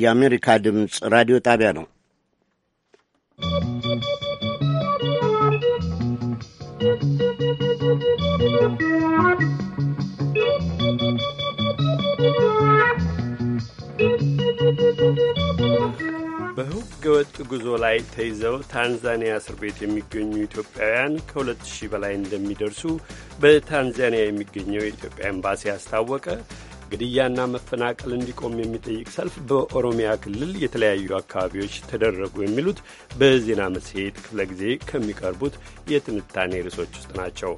የአሜሪካ ድምፅ ራዲዮ ጣቢያ ነው። በሕገ ጉዞ ላይ ተይዘው ታንዛኒያ እስር ቤት የሚገኙ ኢትዮጵያውያን ከ ሺህ በላይ እንደሚደርሱ በታንዛኒያ የሚገኘው የኢትዮጵያ ኤምባሲ አስታወቀ። ግድያና መፈናቀል እንዲቆም የሚጠይቅ ሰልፍ በኦሮሚያ ክልል የተለያዩ አካባቢዎች ተደረጉ የሚሉት በዜና መጽሔት ክፍለ ጊዜ ከሚቀርቡት የትንታኔ ርዕሶች ውስጥ ናቸው።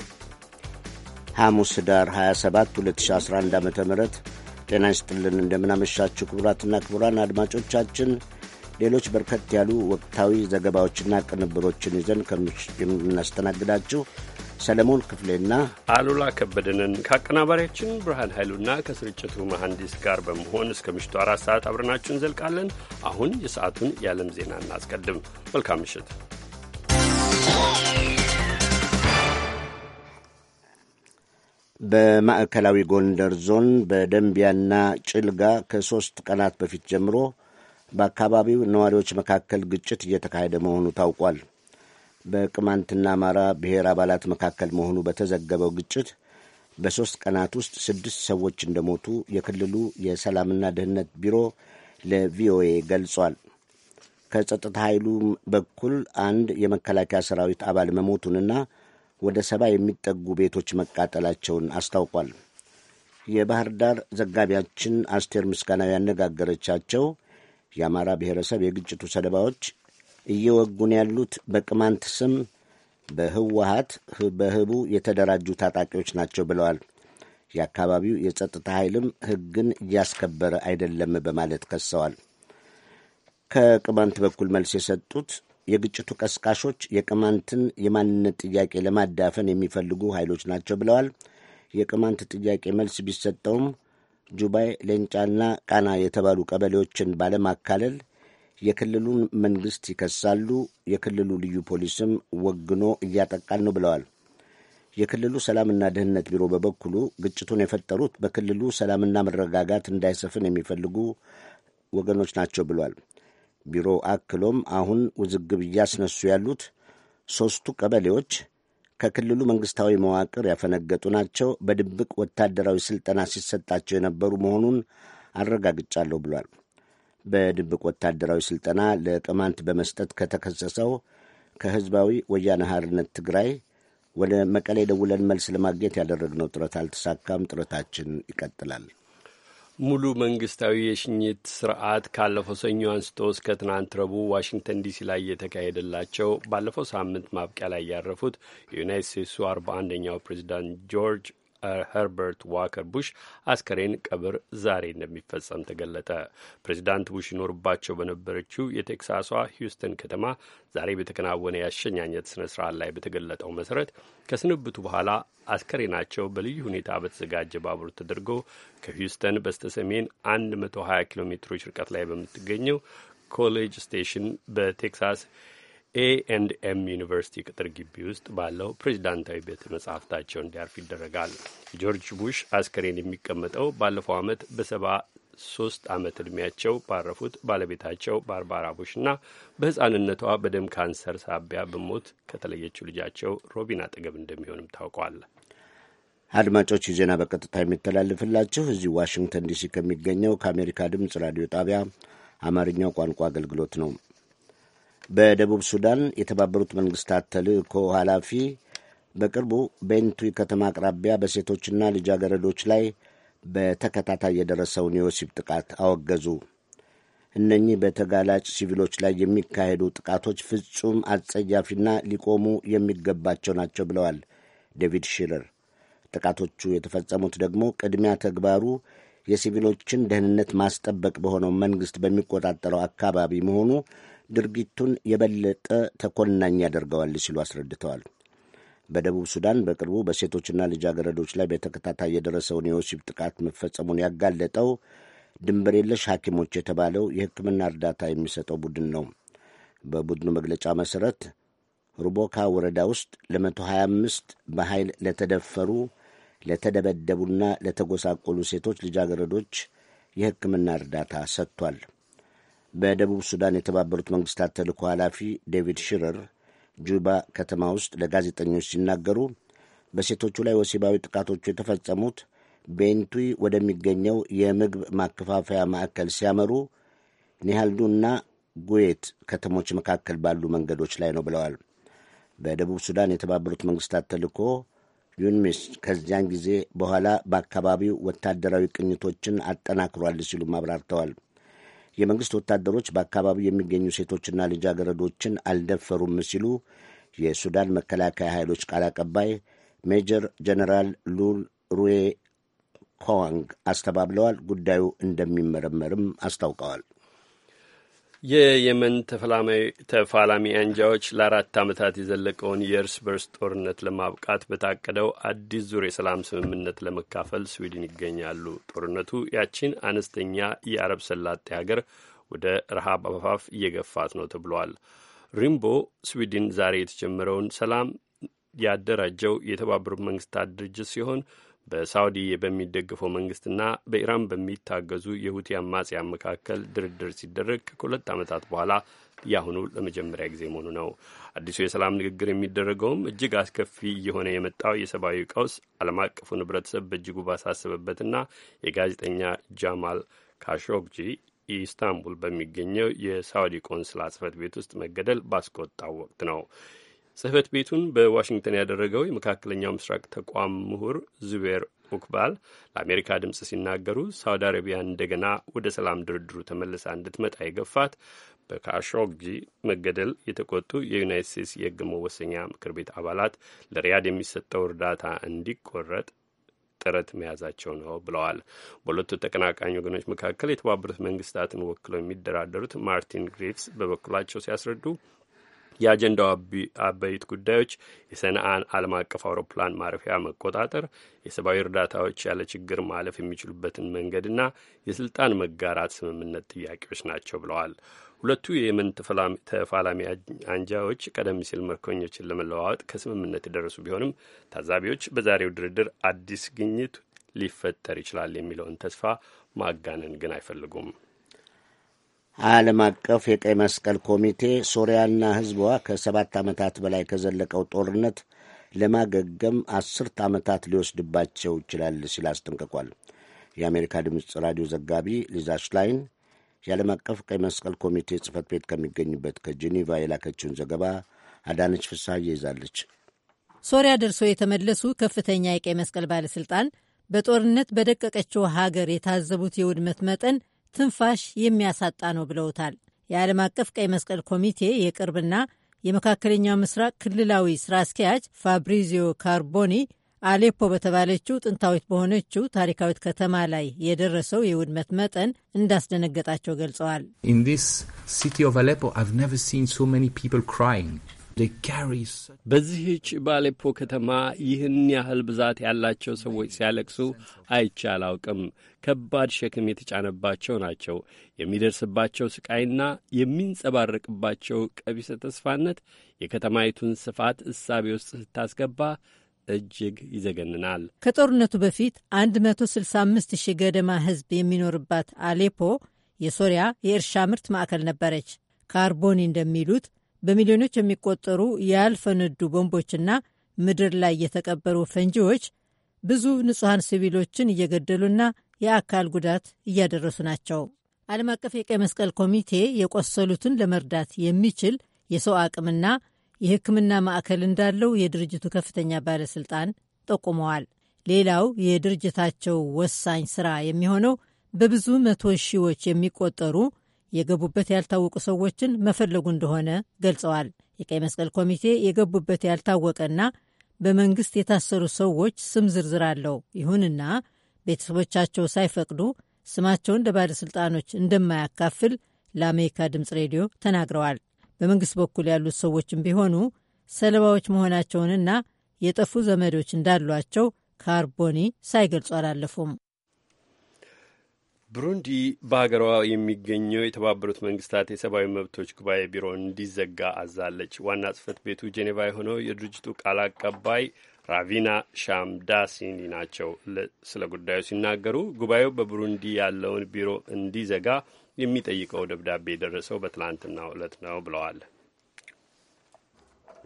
ሐሙስ ዳር 27 2011 ዓ ም ጤና ይስጥልን። እንደምናመሻችሁ ክቡራትና ክቡራን አድማጮቻችን ሌሎች በርከት ያሉ ወቅታዊ ዘገባዎችና ቅንብሮችን ይዘን የምናስተናግዳችሁ ሰለሞን ክፍሌና አሉላ ከበደንን ከአቀናባሪያችን ብርሃን ኃይሉና ከስርጭቱ መሐንዲስ ጋር በመሆን እስከ ምሽቱ አራት ሰዓት አብረናችሁ እንዘልቃለን። አሁን የሰዓቱን የዓለም ዜና እናስቀድም። መልካም ምሽት። በማዕከላዊ ጎንደር ዞን በደንቢያና ጭልጋ ከሦስት ቀናት በፊት ጀምሮ በአካባቢው ነዋሪዎች መካከል ግጭት እየተካሄደ መሆኑ ታውቋል። በቅማንትና አማራ ብሔር አባላት መካከል መሆኑ በተዘገበው ግጭት በሦስት ቀናት ውስጥ ስድስት ሰዎች እንደሞቱ የክልሉ የሰላምና ደህንነት ቢሮ ለቪኦኤ ገልጿል። ከጸጥታ ኃይሉ በኩል አንድ የመከላከያ ሰራዊት አባል መሞቱንና ወደ ሰባ የሚጠጉ ቤቶች መቃጠላቸውን አስታውቋል። የባህር ዳር ዘጋቢያችን አስቴር ምስጋናው ያነጋገረቻቸው የአማራ ብሔረሰብ የግጭቱ ሰለባዎች እየወጉን ያሉት በቅማንት ስም በህወሀት በህቡ የተደራጁ ታጣቂዎች ናቸው ብለዋል። የአካባቢው የጸጥታ ኃይልም ህግን እያስከበረ አይደለም በማለት ከሰዋል። ከቅማንት በኩል መልስ የሰጡት የግጭቱ ቀስቃሾች የቅማንትን የማንነት ጥያቄ ለማዳፈን የሚፈልጉ ኃይሎች ናቸው ብለዋል። የቅማንት ጥያቄ መልስ ቢሰጠውም ጁባይ፣ ሌንጫና ቃና የተባሉ ቀበሌዎችን ባለማካለል የክልሉን መንግሥት ይከሳሉ። የክልሉ ልዩ ፖሊስም ወግኖ እያጠቃል ነው ብለዋል። የክልሉ ሰላምና ደህንነት ቢሮ በበኩሉ ግጭቱን የፈጠሩት በክልሉ ሰላምና መረጋጋት እንዳይሰፍን የሚፈልጉ ወገኖች ናቸው ብሏል። ቢሮ አክሎም አሁን ውዝግብ እያስነሱ ያሉት ሦስቱ ቀበሌዎች ከክልሉ መንግሥታዊ መዋቅር ያፈነገጡ ናቸው፣ በድብቅ ወታደራዊ ሥልጠና ሲሰጣቸው የነበሩ መሆኑን አረጋግጫለሁ ብሏል። በድብቅ ወታደራዊ ስልጠና ለቅማንት በመስጠት ከተከሰሰው ከህዝባዊ ወያነ ሓርነት ትግራይ ወደ መቀሌ ደውለን መልስ ለማግኘት ያደረግነው ጥረት አልተሳካም። ጥረታችን ይቀጥላል። ሙሉ መንግስታዊ የሽኝት ስርዓት ካለፈው ሰኞ አንስቶ እስከ ትናንት ረቡዕ ዋሽንግተን ዲሲ ላይ የተካሄደላቸው ባለፈው ሳምንት ማብቂያ ላይ ያረፉት የዩናይት ስቴትሱ አርባ አንደኛው ፕሬዚዳንት ጆርጅ ሄርበርት ዋከር ቡሽ አስከሬን ቀብር ዛሬ እንደሚፈጸም ተገለጠ። ፕሬዚዳንት ቡሽ ይኖርባቸው በነበረችው የቴክሳሷ ሂውስተን ከተማ ዛሬ በተከናወነ የአሸኛኘት ስነ ስርዓት ላይ በተገለጠው መሰረት ከስንብቱ በኋላ አስከሬናቸው በልዩ ሁኔታ በተዘጋጀ ባቡር ተደርጎ ከሂውስተን በስተ ሰሜን 120 ኪሎ ሜትሮች ርቀት ላይ በምትገኘው ኮሌጅ ስቴሽን በቴክሳስ ኤ ኤንድ ኤም ዩኒቨርሲቲ ቅጥር ግቢ ውስጥ ባለው ፕሬዚዳንታዊ ቤተ መጻሕፍታቸው እንዲያርፍ ይደረጋል። ጆርጅ ቡሽ አስከሬን የሚቀመጠው ባለፈው ዓመት በሰባ ሶስት ዓመት ዕድሜያቸው ባረፉት ባለቤታቸው ባርባራ ቡሽና በሕፃንነቷ በደም ካንሰር ሳቢያ በሞት ከተለየችው ልጃቸው ሮቢን አጠገብ እንደሚሆንም ታውቋል። አድማጮች ዜና በቀጥታ የሚተላልፍላችሁ እዚህ ዋሽንግተን ዲሲ ከሚገኘው ከአሜሪካ ድምፅ ራዲዮ ጣቢያ አማርኛው ቋንቋ አገልግሎት ነው። በደቡብ ሱዳን የተባበሩት መንግስታት ተልእኮ ኃላፊ በቅርቡ ቤንቱይ ከተማ አቅራቢያ በሴቶችና ልጃገረዶች ላይ በተከታታይ የደረሰውን የወሲብ ጥቃት አወገዙ። እነኚህ በተጋላጭ ሲቪሎች ላይ የሚካሄዱ ጥቃቶች ፍጹም አጸያፊና ሊቆሙ የሚገባቸው ናቸው ብለዋል ዴቪድ ሺረር። ጥቃቶቹ የተፈጸሙት ደግሞ ቅድሚያ ተግባሩ የሲቪሎችን ደህንነት ማስጠበቅ በሆነው መንግስት በሚቆጣጠረው አካባቢ መሆኑ ድርጊቱን የበለጠ ተኮናኝ ያደርገዋል ሲሉ አስረድተዋል። በደቡብ ሱዳን በቅርቡ በሴቶችና ልጃገረዶች ላይ በተከታታይ የደረሰውን የወሲብ ጥቃት መፈጸሙን ያጋለጠው ድንበር የለሽ ሐኪሞች የተባለው የሕክምና እርዳታ የሚሰጠው ቡድን ነው። በቡድኑ መግለጫ መሠረት ሩቦካ ወረዳ ውስጥ ለ125 በኃይል ለተደፈሩ ለተደበደቡና ለተጎሳቆሉ ሴቶች ልጃገረዶች የሕክምና እርዳታ ሰጥቷል። በደቡብ ሱዳን የተባበሩት መንግስታት ተልእኮ ኃላፊ ዴቪድ ሽረር ጁባ ከተማ ውስጥ ለጋዜጠኞች ሲናገሩ በሴቶቹ ላይ ወሲባዊ ጥቃቶቹ የተፈጸሙት ቤንቱይ ወደሚገኘው የምግብ ማከፋፈያ ማዕከል ሲያመሩ ኒሃልዱና ጉዌት ከተሞች መካከል ባሉ መንገዶች ላይ ነው ብለዋል። በደቡብ ሱዳን የተባበሩት መንግስታት ተልእኮ ዩንሚስ ከዚያን ጊዜ በኋላ በአካባቢው ወታደራዊ ቅኝቶችን አጠናክሯል ሲሉም አብራርተዋል። የመንግሥት ወታደሮች በአካባቢው የሚገኙ ሴቶችና ልጃገረዶችን አልደፈሩም ሲሉ የሱዳን መከላከያ ኃይሎች ቃል አቀባይ ሜጀር ጀነራል ሉል ሩዌ ኮዋንግ አስተባብለዋል። ጉዳዩ እንደሚመረመርም አስታውቀዋል። የየመን ተፋላሚ አንጃዎች ለአራት ዓመታት የዘለቀውን የእርስ በርስ ጦርነት ለማብቃት በታቀደው አዲስ ዙር የሰላም ስምምነት ለመካፈል ስዊድን ይገኛሉ። ጦርነቱ ያቺን አነስተኛ የአረብ ሰላጤ ሀገር ወደ ረሃብ አፋፍ እየገፋት ነው ተብሏል። ሪምቦ ስዊድን ዛሬ የተጀመረውን ሰላም ያደራጀው የተባበሩት መንግስታት ድርጅት ሲሆን በሳውዲ በሚደግፈው መንግስትና በኢራን በሚታገዙ የሁቲ አማጽያን መካከል ድርድር ሲደረግ ከሁለት ዓመታት በኋላ ያሁኑ ለመጀመሪያ ጊዜ መሆኑ ነው። አዲሱ የሰላም ንግግር የሚደረገውም እጅግ አስከፊ እየሆነ የመጣው የሰብአዊ ቀውስ ዓለም አቀፉን ሕብረተሰብ በእጅጉ ባሳሰበበትና የጋዜጠኛ ጃማል ካሾግጂ ኢስታንቡል በሚገኘው የሳውዲ ቆንስላ ጽፈት ቤት ውስጥ መገደል ባስቆጣው ወቅት ነው። ጽህፈት ቤቱን በዋሽንግተን ያደረገው የመካከለኛው ምስራቅ ተቋም ምሁር ዙቤር ኡክባል ለአሜሪካ ድምፅ ሲናገሩ ሳውዲ አረቢያ እንደገና ወደ ሰላም ድርድሩ ተመልሳ እንድትመጣ የገፋት በካሾግጂ መገደል የተቆጡ የዩናይት ስቴትስ የህግ መወሰኛ ምክር ቤት አባላት ለሪያድ የሚሰጠው እርዳታ እንዲቆረጥ ጥረት መያዛቸው ነው ብለዋል። በሁለቱ ተቀናቃኝ ወገኖች መካከል የተባበሩት መንግስታትን ወክለው የሚደራደሩት ማርቲን ግሪፍስ በበኩላቸው ሲያስረዱ የአጀንዳው አበይት ጉዳዮች የሰነአን ዓለም አቀፍ አውሮፕላን ማረፊያ መቆጣጠር፣ የሰብአዊ እርዳታዎች ያለ ችግር ማለፍ የሚችሉበትን መንገድና የስልጣን መጋራት ስምምነት ጥያቄዎች ናቸው ብለዋል። ሁለቱ የየመን ተፋላሚ አንጃዎች ቀደም ሲል ምርኮኞችን ለመለዋወጥ ከስምምነት የደረሱ ቢሆንም ታዛቢዎች በዛሬው ድርድር አዲስ ግኝት ሊፈጠር ይችላል የሚለውን ተስፋ ማጋነን ግን አይፈልጉም። ዓለም አቀፍ የቀይ መስቀል ኮሚቴ ሶሪያና ሕዝቧ ከሰባት ዓመታት በላይ ከዘለቀው ጦርነት ለማገገም አስርት ዓመታት ሊወስድባቸው ይችላል ሲል አስጠንቅቋል። የአሜሪካ ድምፅ ራዲዮ ዘጋቢ ሊዛ ሽላይን የዓለም አቀፍ ቀይ መስቀል ኮሚቴ ጽህፈት ቤት ከሚገኝበት ከጄኔቫ የላከችውን ዘገባ አዳነች ፍሳ ይዛለች። ሶሪያ ደርሶ የተመለሱ ከፍተኛ የቀይ መስቀል ባለሥልጣን በጦርነት በደቀቀችው ሀገር የታዘቡት የውድመት መጠን ትንፋሽ የሚያሳጣ ነው ብለውታል። የዓለም አቀፍ ቀይ መስቀል ኮሚቴ የቅርብና የመካከለኛው ምስራቅ ክልላዊ ስራ አስኪያጅ ፋብሪዚዮ ካርቦኒ አሌፖ በተባለችው ጥንታዊት በሆነችው ታሪካዊት ከተማ ላይ የደረሰው የውድመት መጠን እንዳስደነገጣቸው ገልጸዋል። በዚህች ባሌፖ ከተማ ይህን ያህል ብዛት ያላቸው ሰዎች ሲያለቅሱ አይቼ አላውቅም። ከባድ ሸክም የተጫነባቸው ናቸው። የሚደርስባቸው ስቃይና የሚንጸባረቅባቸው ቀቢሰ ተስፋነት የከተማይቱን ስፋት እሳቤ ውስጥ ስታስገባ እጅግ ይዘገንናል። ከጦርነቱ በፊት 165 ሺህ ገደማ ሕዝብ የሚኖርባት አሌፖ የሶሪያ የእርሻ ምርት ማዕከል ነበረች። ካርቦኒ እንደሚሉት በሚሊዮኖች የሚቆጠሩ ያልፈነዱ ቦምቦችና ምድር ላይ የተቀበሩ ፈንጂዎች ብዙ ንጹሐን ሲቪሎችን እየገደሉና የአካል ጉዳት እያደረሱ ናቸው። ዓለም አቀፍ የቀይ መስቀል ኮሚቴ የቆሰሉትን ለመርዳት የሚችል የሰው አቅምና የሕክምና ማዕከል እንዳለው የድርጅቱ ከፍተኛ ባለሥልጣን ጠቁመዋል። ሌላው የድርጅታቸው ወሳኝ ሥራ የሚሆነው በብዙ መቶ ሺዎች የሚቆጠሩ የገቡበት ያልታወቁ ሰዎችን መፈለጉ እንደሆነ ገልጸዋል። የቀይ መስቀል ኮሚቴ የገቡበት ያልታወቀና በመንግስት የታሰሩ ሰዎች ስም ዝርዝር አለው። ይሁንና ቤተሰቦቻቸው ሳይፈቅዱ ስማቸውን ለባለሥልጣኖች እንደማያካፍል ለአሜሪካ ድምፅ ሬዲዮ ተናግረዋል። በመንግስት በኩል ያሉት ሰዎችም ቢሆኑ ሰለባዎች መሆናቸውንና የጠፉ ዘመዶች እንዳሏቸው ካርቦኒ ሳይገልጹ አላለፉም። ብሩንዲ በሀገሯ የሚገኘው የተባበሩት መንግስታት የሰብአዊ መብቶች ጉባኤ ቢሮ እንዲዘጋ አዛለች። ዋና ጽህፈት ቤቱ ጄኔቫ የሆነው የድርጅቱ ቃል አቀባይ ራቪና ሻምዳሲኒ ናቸው። ስለ ጉዳዩ ሲናገሩ ጉባኤው በብሩንዲ ያለውን ቢሮ እንዲዘጋ የሚጠይቀው ደብዳቤ የደረሰው በትላንትናው ዕለት ነው ብለዋል።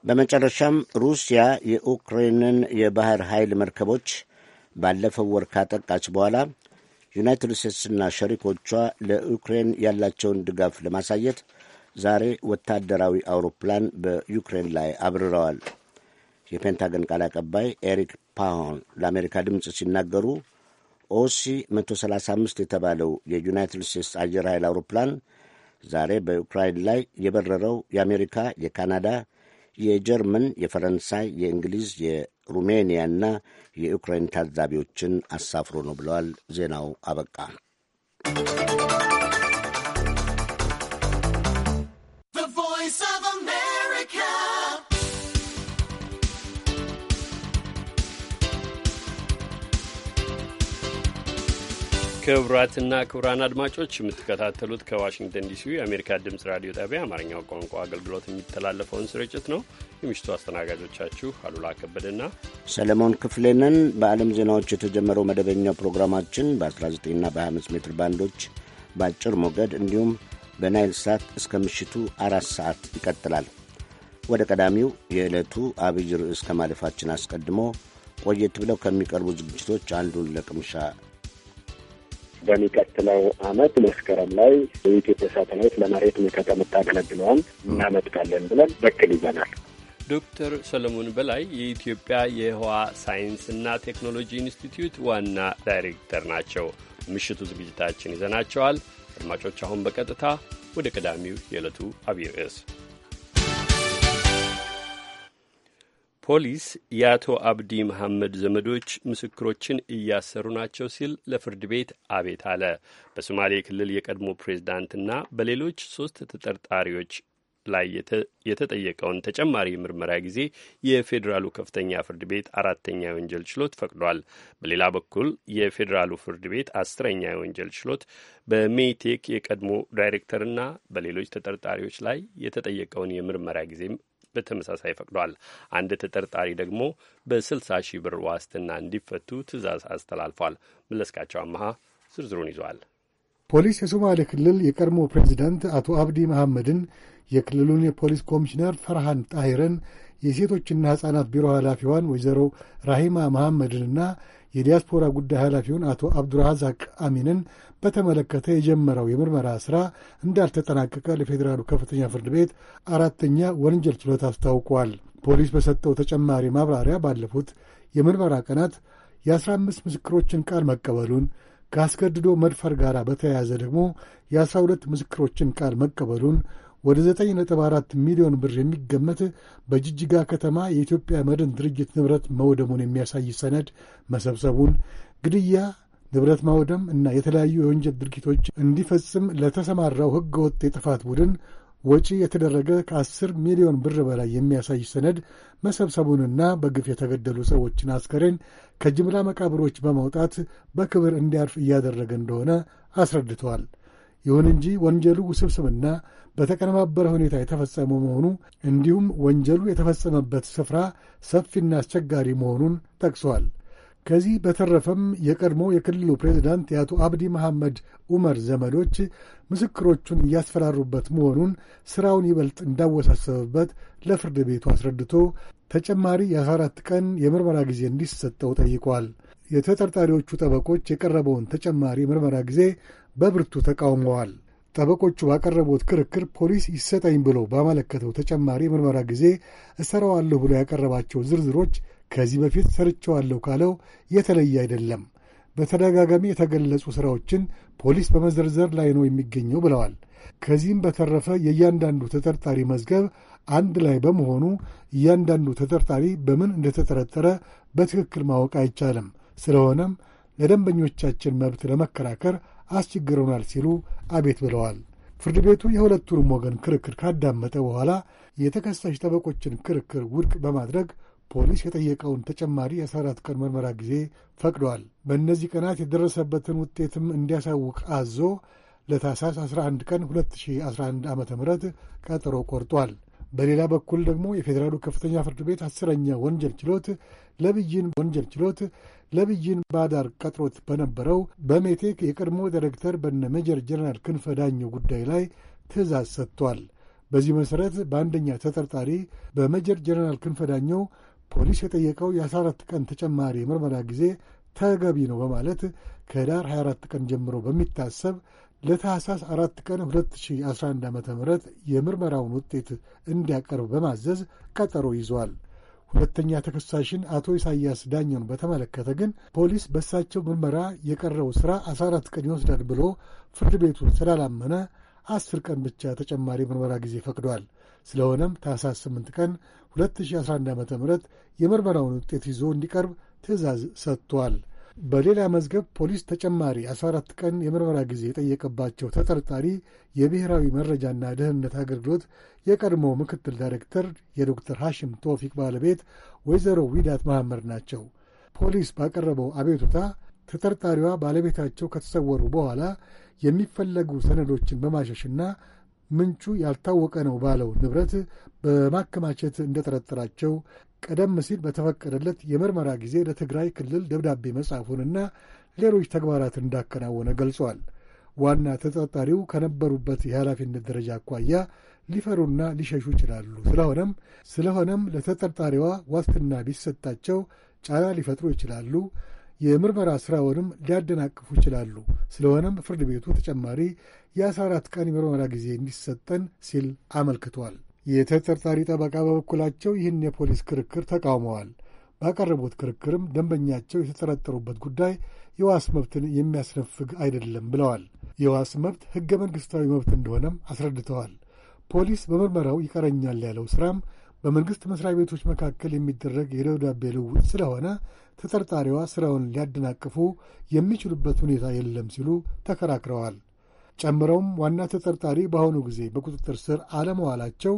በመጨረሻም ሩሲያ የዩክሬንን የባህር ኃይል መርከቦች ባለፈው ወር ካጠቃች በኋላ ዩናይትድ ስቴትስና ሸሪኮቿ ለዩክሬን ያላቸውን ድጋፍ ለማሳየት ዛሬ ወታደራዊ አውሮፕላን በዩክሬን ላይ አብርረዋል። የፔንታገን ቃል አቀባይ ኤሪክ ፓሆን ለአሜሪካ ድምፅ ሲናገሩ ኦሲ 135 የተባለው የዩናይትድ ስቴትስ አየር ኃይል አውሮፕላን ዛሬ በዩክራይን ላይ የበረረው የአሜሪካ፣ የካናዳ፣ የጀርመን፣ የፈረንሳይ፣ የእንግሊዝ፣ ሩሜኒያና የዩክሬን ታዛቢዎችን አሳፍሮ ነው ብለዋል። ዜናው አበቃ። ክቡራትና ክቡራን አድማጮች የምትከታተሉት ከዋሽንግተን ዲሲ የአሜሪካ ድምፅ ራዲዮ ጣቢያ አማርኛው ቋንቋ አገልግሎት የሚተላለፈውን ስርጭት ነው። የምሽቱ አስተናጋጆቻችሁ አሉላ ከበደና ሰለሞን ክፍሌንን በዓለም ዜናዎች የተጀመረው መደበኛው ፕሮግራማችን በ19ና በ25 ሜትር ባንዶች በአጭር ሞገድ እንዲሁም በናይል ሳት እስከ ምሽቱ አራት ሰዓት ይቀጥላል። ወደ ቀዳሚው የዕለቱ አብይ ርዕስ ከማለፋችን አስቀድሞ ቆየት ብለው ከሚቀርቡ ዝግጅቶች አንዱን ለቅምሻ በሚቀጥለው አመት መስከረም ላይ የኢትዮጵያ ሳተላይት ለመሬት ምልከታ የምታገለግለዋን እናመጥቃለን ብለን በክል ይዘናል። ዶክተር ሰለሞን በላይ የኢትዮጵያ የህዋ ሳይንስና ቴክኖሎጂ ኢንስቲትዩት ዋና ዳይሬክተር ናቸው። ምሽቱ ዝግጅታችን ይዘናቸዋል። አድማጮች አሁን በቀጥታ ወደ ቀዳሚው የዕለቱ አብይ ርዕስ ፖሊስ የአቶ አብዲ መሐመድ ዘመዶች ምስክሮችን እያሰሩ ናቸው ሲል ለፍርድ ቤት አቤት አለ። በሶማሌ ክልል የቀድሞ ፕሬዝዳንትና በሌሎች ሶስት ተጠርጣሪዎች ላይ የተጠየቀውን ተጨማሪ ምርመራ ጊዜ የፌዴራሉ ከፍተኛ ፍርድ ቤት አራተኛ የወንጀል ችሎት ፈቅዷል። በሌላ በኩል የፌዴራሉ ፍርድ ቤት አስረኛ የወንጀል ችሎት በሜቴክ የቀድሞ ዳይሬክተርና በሌሎች ተጠርጣሪዎች ላይ የተጠየቀውን የምርመራ ጊዜም በተመሳሳይ ፈቅዷል። አንድ ተጠርጣሪ ደግሞ በ60 ሺህ ብር ዋስትና እንዲፈቱ ትዕዛዝ አስተላልፏል። መለስካቸው አመሃ ዝርዝሩን ይዟል። ፖሊስ የሶማሌ ክልል የቀድሞ ፕሬዚዳንት አቶ አብዲ መሐመድን፣ የክልሉን የፖሊስ ኮሚሽነር ፈርሃን ጣሂርን፣ የሴቶችና ሕፃናት ቢሮ ኃላፊዋን ወይዘሮ ራሂማ መሐመድንና የዲያስፖራ ጉዳይ ኃላፊውን አቶ አብዱራዛቅ አሚንን በተመለከተ የጀመረው የምርመራ ሥራ እንዳልተጠናቀቀ ለፌዴራሉ ከፍተኛ ፍርድ ቤት አራተኛ ወንጀል ችሎት አስታውቋል። ፖሊስ በሰጠው ተጨማሪ ማብራሪያ ባለፉት የምርመራ ቀናት የ15 ምስክሮችን ቃል መቀበሉን ከአስገድዶ መድፈር ጋር በተያያዘ ደግሞ የ12 ምስክሮችን ቃል መቀበሉን ወደ 9.4 ሚሊዮን ብር የሚገመት በጅጅጋ ከተማ የኢትዮጵያ መድን ድርጅት ንብረት መውደሙን የሚያሳይ ሰነድ መሰብሰቡን፣ ግድያ፣ ንብረት ማውደም እና የተለያዩ የወንጀል ድርጊቶች እንዲፈጽም ለተሰማራው ወጥ የጥፋት ቡድን ወጪ የተደረገ ከ10 ሚሊዮን ብር በላይ የሚያሳይ ሰነድ መሰብሰቡንና በግፍ የተገደሉ ሰዎችን አስከሬን ከጅምላ መቃብሮች በማውጣት በክብር እንዲያርፍ እያደረገ እንደሆነ አስረድተዋል። ይሁን እንጂ ወንጀሉ ውስብስብና በተቀነባበረ ሁኔታ የተፈጸመ መሆኑ እንዲሁም ወንጀሉ የተፈጸመበት ስፍራ ሰፊና አስቸጋሪ መሆኑን ጠቅሷል። ከዚህ በተረፈም የቀድሞ የክልሉ ፕሬዚዳንት የአቶ አብዲ መሐመድ ዑመር ዘመዶች ምስክሮቹን እያስፈራሩበት መሆኑን ሥራውን ይበልጥ እንዳወሳሰበበት ለፍርድ ቤቱ አስረድቶ ተጨማሪ የ14 ቀን የምርመራ ጊዜ እንዲሰጠው ጠይቋል። የተጠርጣሪዎቹ ጠበቆች የቀረበውን ተጨማሪ ምርመራ ጊዜ በብርቱ ተቃውመዋል። ጠበቆቹ ባቀረቡት ክርክር ፖሊስ ይሰጠኝ ብሎ ባመለከተው ተጨማሪ የምርመራ ጊዜ እሰራዋለሁ ብሎ ያቀረባቸው ዝርዝሮች ከዚህ በፊት ሰርቸዋለሁ ካለው የተለየ አይደለም። በተደጋጋሚ የተገለጹ ሥራዎችን ፖሊስ በመዘርዘር ላይ ነው የሚገኘው ብለዋል። ከዚህም በተረፈ የእያንዳንዱ ተጠርጣሪ መዝገብ አንድ ላይ በመሆኑ እያንዳንዱ ተጠርጣሪ በምን እንደተጠረጠረ በትክክል ማወቅ አይቻልም። ስለሆነም ለደንበኞቻችን መብት ለመከራከር አስቸግረውናል ሲሉ አቤት ብለዋል። ፍርድ ቤቱ የሁለቱንም ወገን ክርክር ካዳመጠ በኋላ የተከሳሽ ጠበቆችን ክርክር ውድቅ በማድረግ ፖሊስ የጠየቀውን ተጨማሪ የ ቀን ምርመራ ጊዜ ፈቅዷል። በእነዚህ ቀናት የደረሰበትን ውጤትም እንዲያሳውቅ አዞ ለታሳስ 11 ቀን 2011 ዓ ም ቀጠሮ ቆርጧል። በሌላ በኩል ደግሞ የፌዴራሉ ከፍተኛ ፍርድ ቤት አስረኛ ወንጀል ችሎት ለብይን ወንጀል ችሎት ለብይን ባዳር ቀጥሮት በነበረው በሜቴክ የቀድሞ ዳይሬክተር በነ ሜጀር ጀነራል ክንፈ ዳኘው ጉዳይ ላይ ትእዛዝ ሰጥቷል። በዚህ መሠረት በአንደኛ ተጠርጣሪ በሜጀር ጀነራል ክንፈ ዳኘው ፖሊስ የጠየቀው የ14 ቀን ተጨማሪ የምርመራ ጊዜ ተገቢ ነው በማለት ከህዳር 24 ቀን ጀምሮ በሚታሰብ ለታህሳስ አራት ቀን 2011 ዓ ም የምርመራውን ውጤት እንዲያቀርብ በማዘዝ ቀጠሮ ይዟል። ሁለተኛ ተከሳሽን አቶ ኢሳያስ ዳኘውን በተመለከተ ግን ፖሊስ በእሳቸው ምርመራ የቀረው ሥራ 14 ቀን ይወስዳል ብሎ ፍርድ ቤቱ ስላላመነ አስር ቀን ብቻ ተጨማሪ ምርመራ ጊዜ ፈቅዷል። ስለሆነም ታህሳስ 8 ቀን 2011 ዓ ም የምርመራውን ውጤት ይዞ እንዲቀርብ ትእዛዝ ሰጥቷል። በሌላ መዝገብ ፖሊስ ተጨማሪ 14 ቀን የምርመራ ጊዜ የጠየቀባቸው ተጠርጣሪ የብሔራዊ መረጃና ደህንነት አገልግሎት የቀድሞ ምክትል ዳይሬክተር የዶክተር ሐሽም ቶፊቅ ባለቤት ወይዘሮ ዊዳት መሐመድ ናቸው። ፖሊስ ባቀረበው አቤቱታ ተጠርጣሪዋ ባለቤታቸው ከተሰወሩ በኋላ የሚፈለጉ ሰነዶችን በማሸሽና ምንጩ ያልታወቀ ነው ባለው ንብረት በማከማቸት እንደጠረጠራቸው ቀደም ሲል በተፈቀደለት የምርመራ ጊዜ ለትግራይ ክልል ደብዳቤ መጻፉንና ሌሎች ተግባራትን እንዳከናወነ ገልጿል። ዋና ተጠርጣሪው ከነበሩበት የኃላፊነት ደረጃ አኳያ ሊፈሩና ሊሸሹ ይችላሉ። ስለሆነም ስለሆነም ለተጠርጣሪዋ ዋስትና ቢሰጣቸው ጫና ሊፈጥሩ ይችላሉ፣ የምርመራ ሥራውንም ሊያደናቅፉ ይችላሉ። ስለሆነም ፍርድ ቤቱ ተጨማሪ የ14 ቀን የምርመራ ጊዜ እንዲሰጠን ሲል አመልክቷል። የተጠርጣሪ ጠበቃ በበኩላቸው ይህን የፖሊስ ክርክር ተቃውመዋል። ባቀረቡት ክርክርም ደንበኛቸው የተጠረጠሩበት ጉዳይ የዋስ መብትን የሚያስነፍግ አይደለም ብለዋል። የዋስ መብት ሕገ መንግሥታዊ መብት እንደሆነም አስረድተዋል። ፖሊስ በምርመራው ይቀረኛል ያለው ሥራም በመንግሥት መሥሪያ ቤቶች መካከል የሚደረግ የደብዳቤ ልውውጥ ስለሆነ ተጠርጣሪዋ ሥራውን ሊያደናቅፉ የሚችሉበት ሁኔታ የለም ሲሉ ተከራክረዋል። ጨምረውም ዋና ተጠርጣሪ በአሁኑ ጊዜ በቁጥጥር ስር አለመዋላቸው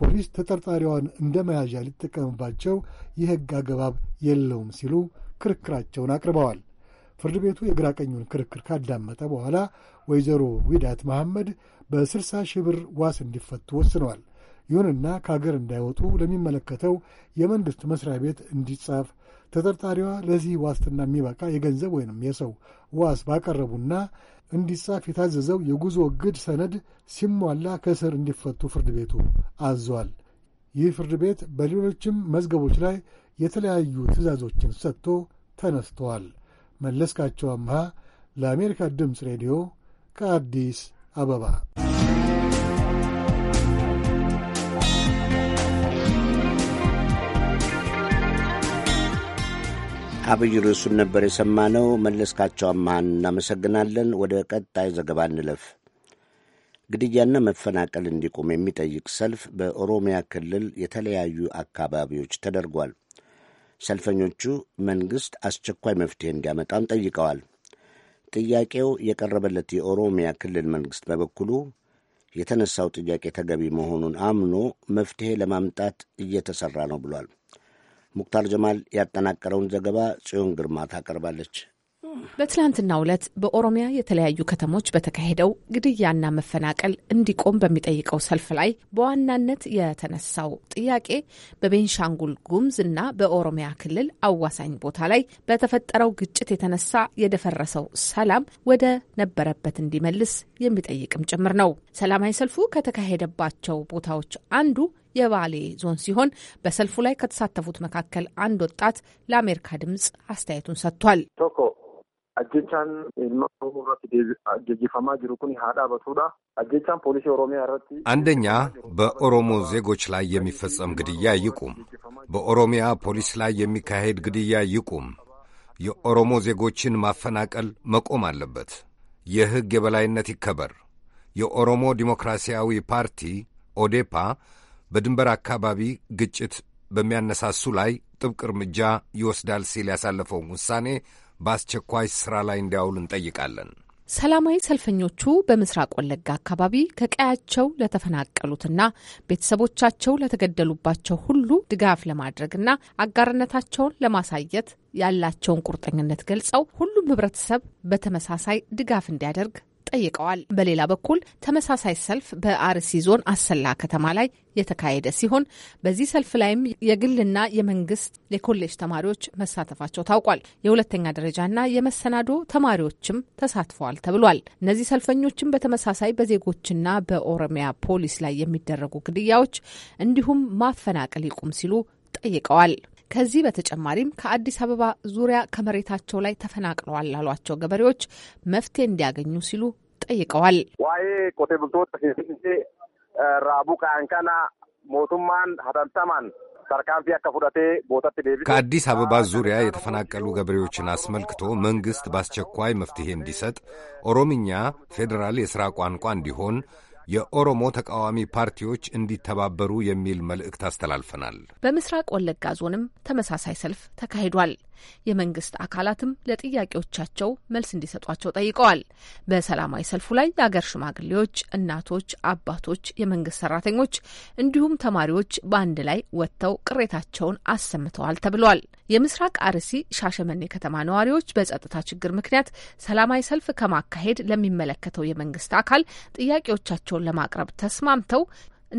ፖሊስ ተጠርጣሪዋን እንደ መያዣ ሊጠቀምባቸው የሕግ አገባብ የለውም ሲሉ ክርክራቸውን አቅርበዋል። ፍርድ ቤቱ የግራ ቀኙን ክርክር ካዳመጠ በኋላ ወይዘሮ ዊዳት መሐመድ በ60 ሺህ ብር ዋስ እንዲፈቱ ወስነዋል። ይሁንና ከአገር እንዳይወጡ ለሚመለከተው የመንግሥት መሥሪያ ቤት እንዲጻፍ ተጠርጣሪዋ ለዚህ ዋስትና የሚበቃ የገንዘብ ወይንም የሰው ዋስ ባቀረቡና እንዲጻፍ የታዘዘው የጉዞ እግድ ሰነድ ሲሟላ ከእስር እንዲፈቱ ፍርድ ቤቱ አዟል። ይህ ፍርድ ቤት በሌሎችም መዝገቦች ላይ የተለያዩ ትዕዛዞችን ሰጥቶ ተነስተዋል። መለስካቸው አምሃ ለአሜሪካ ድምፅ ሬዲዮ ከአዲስ አበባ አብይ ርዕሱን ነበር የሰማነው። መለስካቸው አመሃን እናመሰግናለን። ወደ ቀጣይ ዘገባ እንለፍ። ግድያና መፈናቀል እንዲቆም የሚጠይቅ ሰልፍ በኦሮሚያ ክልል የተለያዩ አካባቢዎች ተደርጓል። ሰልፈኞቹ መንግሥት አስቸኳይ መፍትሄ እንዲያመጣም ጠይቀዋል። ጥያቄው የቀረበለት የኦሮሚያ ክልል መንግሥት በበኩሉ የተነሳው ጥያቄ ተገቢ መሆኑን አምኖ መፍትሄ ለማምጣት እየተሠራ ነው ብሏል። ሙክታር ጀማል ያጠናቀረውን ዘገባ ጽዮን ግርማ ታቀርባለች። በትላንትናው ዕለት በኦሮሚያ የተለያዩ ከተሞች በተካሄደው ግድያና መፈናቀል እንዲቆም በሚጠይቀው ሰልፍ ላይ በዋናነት የተነሳው ጥያቄ በቤንሻንጉል ጉምዝ እና በኦሮሚያ ክልል አዋሳኝ ቦታ ላይ በተፈጠረው ግጭት የተነሳ የደፈረሰው ሰላም ወደ ነበረበት እንዲመልስ የሚጠይቅም ጭምር ነው። ሰላማዊ ሰልፉ ከተካሄደባቸው ቦታዎች አንዱ የባሌ ዞን ሲሆን በሰልፉ ላይ ከተሳተፉት መካከል አንድ ወጣት ለአሜሪካ ድምጽ አስተያየቱን ሰጥቷል። Ajjechaan ilma Oromoo irratti አጀጅፋማ ጅሩ ኩን ሀዳ በቱዳ አጀቻን ፖሊሲ ኦሮሚያ ረት አንደኛ በኦሮሞ ዜጎች ላይ የሚፈጸም ግድያ ይቁም። በኦሮሚያ ፖሊስ ላይ የሚካሄድ ግድያ ይቁም። የኦሮሞ ዜጎችን ማፈናቀል መቆም አለበት። የሕግ የበላይነት ይከበር። የኦሮሞ ዲሞክራሲያዊ ፓርቲ ኦዴፓ በድንበር አካባቢ ግጭት በሚያነሳሱ ላይ ጥብቅ እርምጃ ይወስዳል ሲል ያሳለፈውን ውሳኔ በአስቸኳይ ስራ ላይ እንዲያውል እንጠይቃለን። ሰላማዊ ሰልፈኞቹ በምስራቅ ወለጋ አካባቢ ከቀያቸው ለተፈናቀሉትና ቤተሰቦቻቸው ለተገደሉባቸው ሁሉ ድጋፍ ለማድረግና አጋርነታቸውን ለማሳየት ያላቸውን ቁርጠኝነት ገልጸው ሁሉም ህብረተሰብ በተመሳሳይ ድጋፍ እንዲያደርግ ጠይቀዋል። በሌላ በኩል ተመሳሳይ ሰልፍ በአርሲ ዞን አሰላ ከተማ ላይ የተካሄደ ሲሆን በዚህ ሰልፍ ላይም የግልና የመንግስት የኮሌጅ ተማሪዎች መሳተፋቸው ታውቋል። የሁለተኛ ደረጃና የመሰናዶ ተማሪዎችም ተሳትፈዋል ተብሏል። እነዚህ ሰልፈኞችም በተመሳሳይ በዜጎችና በኦሮሚያ ፖሊስ ላይ የሚደረጉ ግድያዎች እንዲሁም ማፈናቀል ይቁም ሲሉ ጠይቀዋል። ከዚህ በተጨማሪም ከአዲስ አበባ ዙሪያ ከመሬታቸው ላይ ተፈናቅለዋል ላሏቸው ገበሬዎች መፍትሄ እንዲያገኙ ሲሉ ጠይቀዋል። ዋዬ ቆቴ ቡልቶት ራቡ ሞቱማን ሀተንተማን ከአዲስ አበባ ዙሪያ የተፈናቀሉ ገበሬዎችን አስመልክቶ መንግሥት በአስቸኳይ መፍትሄ እንዲሰጥ፣ ኦሮምኛ ፌዴራል የሥራ ቋንቋ እንዲሆን የኦሮሞ ተቃዋሚ ፓርቲዎች እንዲተባበሩ የሚል መልእክት አስተላልፈናል። በምስራቅ ወለጋ ዞንም ተመሳሳይ ሰልፍ ተካሂዷል። የመንግስት አካላትም ለጥያቄዎቻቸው መልስ እንዲሰጧቸው ጠይቀዋል። በሰላማዊ ሰልፉ ላይ የአገር ሽማግሌዎች፣ እናቶች፣ አባቶች፣ የመንግስት ሰራተኞች እንዲሁም ተማሪዎች በአንድ ላይ ወጥተው ቅሬታቸውን አሰምተዋል ተብሏል። የምስራቅ አርሲ ሻሸመኔ ከተማ ነዋሪዎች በጸጥታ ችግር ምክንያት ሰላማዊ ሰልፍ ከማካሄድ ለሚመለከተው የመንግስት አካል ጥያቄዎቻቸውን ለማቅረብ ተስማምተው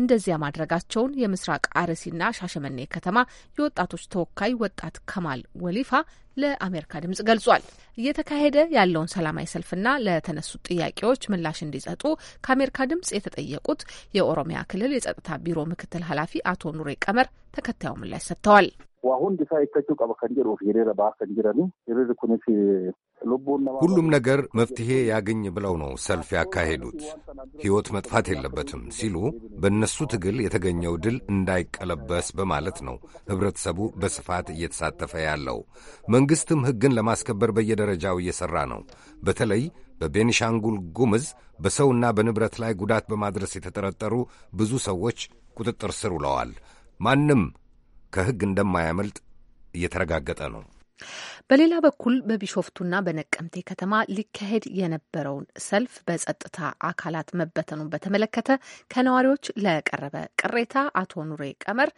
እንደዚያ ማድረጋቸውን የምስራቅ አርሲና ሻሸመኔ ከተማ የወጣቶች ተወካይ ወጣት ከማል ወሊፋ ለአሜሪካ ድምጽ ገልጿል። እየተካሄደ ያለውን ሰላማዊ ሰልፍና ለተነሱት ጥያቄዎች ምላሽ እንዲሰጡ ከአሜሪካ ድምጽ የተጠየቁት የኦሮሚያ ክልል የጸጥታ ቢሮ ምክትል ኃላፊ አቶ ኑሬ ቀመር ተከታዩ ምላሽ ሰጥተዋል። ዋሁን ዲሳ ይተቹ ቀበ ሄሬረ ሂሬረ ከንጅረኒ ኩኒስ ሁሉም ነገር መፍትሄ ያገኝ ብለው ነው ሰልፍ ያካሄዱት። ሕይወት መጥፋት የለበትም ሲሉ በእነሱ ትግል የተገኘው ድል እንዳይቀለበስ በማለት ነው ኅብረተሰቡ በስፋት እየተሳተፈ ያለው። መንግሥትም ሕግን ለማስከበር በየደረጃው እየሠራ ነው። በተለይ በቤኒሻንጉል ጉምዝ በሰውና በንብረት ላይ ጉዳት በማድረስ የተጠረጠሩ ብዙ ሰዎች ቁጥጥር ስር ውለዋል። ማንም ከሕግ እንደማያመልጥ እየተረጋገጠ ነው። በሌላ በኩል በቢሾፍቱና በነቀምቴ ከተማ ሊካሄድ የነበረውን ሰልፍ በጸጥታ አካላት መበተኑን በተመለከተ ከነዋሪዎች ለቀረበ ቅሬታ አቶ ኑሬ ቀመር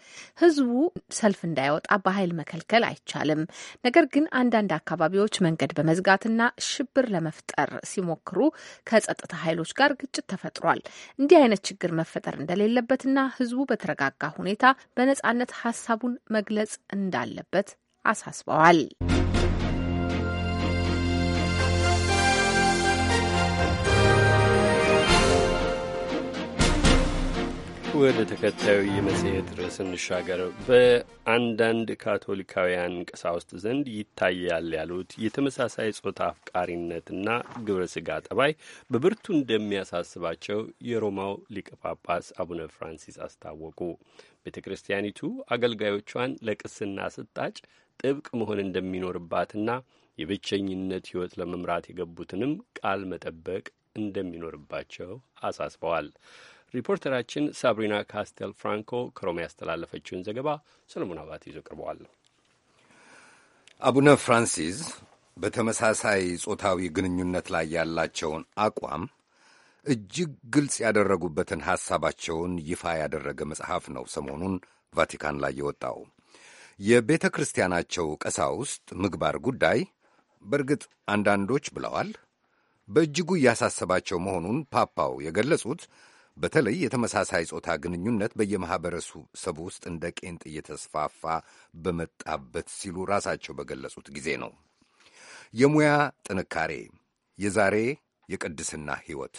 ህዝቡ ሰልፍ እንዳይወጣ በኃይል መከልከል አይቻልም፣ ነገር ግን አንዳንድ አካባቢዎች መንገድ በመዝጋትና ሽብር ለመፍጠር ሲሞክሩ ከጸጥታ ኃይሎች ጋር ግጭት ተፈጥሯል። እንዲህ አይነት ችግር መፈጠር እንደሌለበትና ህዝቡ በተረጋጋ ሁኔታ በነጻነት ሀሳቡን መግለጽ እንዳለበት አሳስበዋል። ወደ ተከታዩ የመጽሔት ርዕስ እንሻገር። በአንዳንድ ካቶሊካውያን ቀሳውስት ዘንድ ይታያል ያሉት የተመሳሳይ ጾታ አፍቃሪነትና ግብረ ሥጋ ጠባይ በብርቱ እንደሚያሳስባቸው የሮማው ሊቀ ጳጳስ አቡነ ፍራንሲስ አስታወቁ። ቤተ ክርስቲያኒቱ አገልጋዮቿን ለቅስና ስጣጭ ጥብቅ መሆን እንደሚኖርባትና የብቸኝነት ሕይወት ለመምራት የገቡትንም ቃል መጠበቅ እንደሚኖርባቸው አሳስበዋል። ሪፖርተራችን ሳብሪና ካስተል ፍራንኮ ከሮማ ያስተላለፈችውን ዘገባ ሰለሞን አባት ይዞ ቀርበዋል። አቡነ ፍራንሲስ በተመሳሳይ ጾታዊ ግንኙነት ላይ ያላቸውን አቋም እጅግ ግልጽ ያደረጉበትን ሐሳባቸውን ይፋ ያደረገ መጽሐፍ ነው ሰሞኑን ቫቲካን ላይ የወጣው። የቤተ ክርስቲያናቸው ቀሳውስት ምግባር ጉዳይ በእርግጥ አንዳንዶች ብለዋል በእጅጉ እያሳሰባቸው መሆኑን ፓፓው የገለጹት በተለይ የተመሳሳይ ጾታ ግንኙነት በየማኅበረሰቡ ውስጥ እንደ ቄንጥ እየተስፋፋ በመጣበት ሲሉ ራሳቸው በገለጹት ጊዜ ነው። የሙያ ጥንካሬ የዛሬ የቅድስና ሕይወት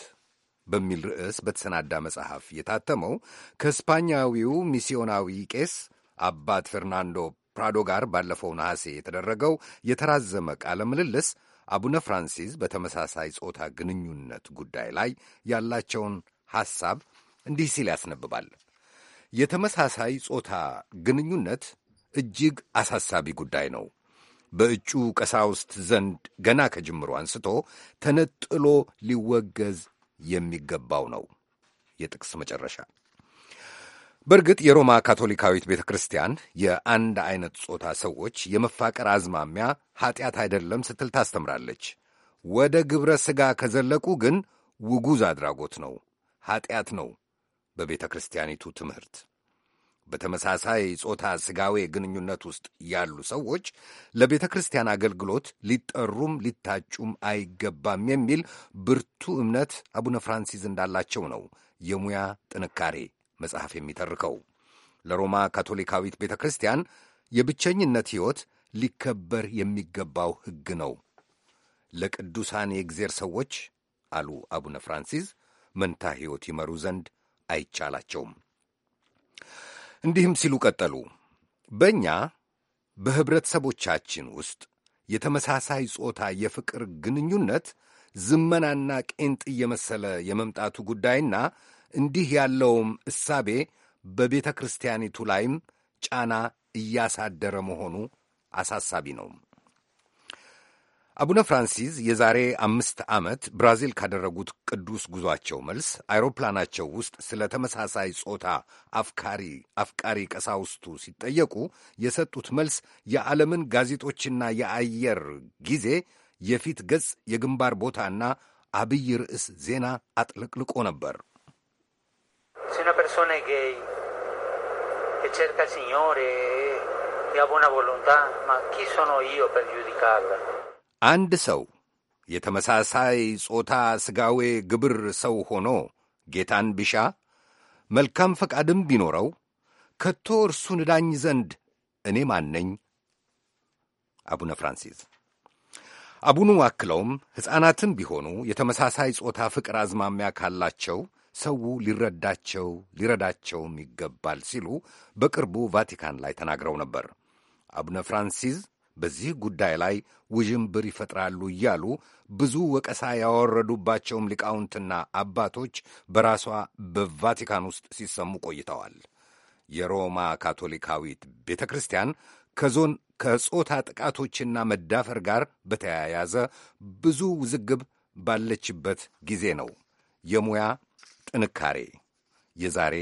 በሚል ርዕስ በተሰናዳ መጽሐፍ የታተመው ከስፓኛዊው ሚስዮናዊ ቄስ አባት ፌርናንዶ ፕራዶ ጋር ባለፈው ነሐሴ የተደረገው የተራዘመ ቃለ ምልልስ አቡነ ፍራንሲስ በተመሳሳይ ጾታ ግንኙነት ጉዳይ ላይ ያላቸውን ሐሳብ እንዲህ ሲል ያስነብባል። የተመሳሳይ ጾታ ግንኙነት እጅግ አሳሳቢ ጉዳይ ነው። በእጩ ቀሳውስት ዘንድ ገና ከጅምሮ አንስቶ ተነጥሎ ሊወገዝ የሚገባው ነው። የጥቅስ መጨረሻ። በእርግጥ የሮማ ካቶሊካዊት ቤተ ክርስቲያን የአንድ አይነት ጾታ ሰዎች የመፋቀር አዝማሚያ ኀጢአት አይደለም ስትል ታስተምራለች። ወደ ግብረ ሥጋ ከዘለቁ ግን ውጉዝ አድራጎት ነው ኀጢአት ነው በቤተ ክርስቲያኒቱ ትምህርት። በተመሳሳይ ጾታ ስጋዊ ግንኙነት ውስጥ ያሉ ሰዎች ለቤተ ክርስቲያን አገልግሎት ሊጠሩም ሊታጩም አይገባም የሚል ብርቱ እምነት አቡነ ፍራንሲስ እንዳላቸው ነው የሙያ ጥንካሬ መጽሐፍ የሚተርከው። ለሮማ ካቶሊካዊት ቤተ ክርስቲያን የብቸኝነት ሕይወት ሊከበር የሚገባው ሕግ ነው። ለቅዱሳን የእግዜር ሰዎች አሉ አቡነ ፍራንሲስ መንታ ሕይወት ይመሩ ዘንድ አይቻላቸውም። እንዲህም ሲሉ ቀጠሉ። በእኛ በኅብረተሰቦቻችን ውስጥ የተመሳሳይ ጾታ የፍቅር ግንኙነት ዝመናና ቄንጥ እየመሰለ የመምጣቱ ጉዳይና እንዲህ ያለውም እሳቤ በቤተ ክርስቲያኒቱ ላይም ጫና እያሳደረ መሆኑ አሳሳቢ ነው። አቡነ ፍራንሲስ የዛሬ አምስት ዓመት ብራዚል ካደረጉት ቅዱስ ጉዟቸው መልስ አይሮፕላናቸው ውስጥ ስለ ተመሳሳይ ጾታ አፍቃሪ አፍቃሪ ቀሳውስቱ ሲጠየቁ የሰጡት መልስ የዓለምን ጋዜጦችና የአየር ጊዜ የፊት ገጽ የግንባር ቦታና አብይ ርዕስ ዜና አጥለቅልቆ ነበር። ሴና አንድ ሰው የተመሳሳይ ጾታ ሥጋዌ ግብር ሰው ሆኖ ጌታን ቢሻ መልካም ፈቃድም ቢኖረው ከቶ እርሱን እዳኝ ዘንድ እኔ ማነኝ? አቡነ ፍራንሲስ አቡኑ አክለውም ሕፃናትም ቢሆኑ የተመሳሳይ ጾታ ፍቅር አዝማሚያ ካላቸው ሰው ሊረዳቸው ሊረዳቸውም ይገባል ሲሉ በቅርቡ ቫቲካን ላይ ተናግረው ነበር። አቡነ ፍራንሲስ በዚህ ጉዳይ ላይ ውዥንብር ይፈጥራሉ እያሉ ብዙ ወቀሳ ያወረዱባቸውም ሊቃውንትና አባቶች በራሷ በቫቲካን ውስጥ ሲሰሙ ቆይተዋል። የሮማ ካቶሊካዊት ቤተ ክርስቲያን ከዞን ከጾታ ጥቃቶችና መዳፈር ጋር በተያያዘ ብዙ ውዝግብ ባለችበት ጊዜ ነው የሙያ ጥንካሬ የዛሬ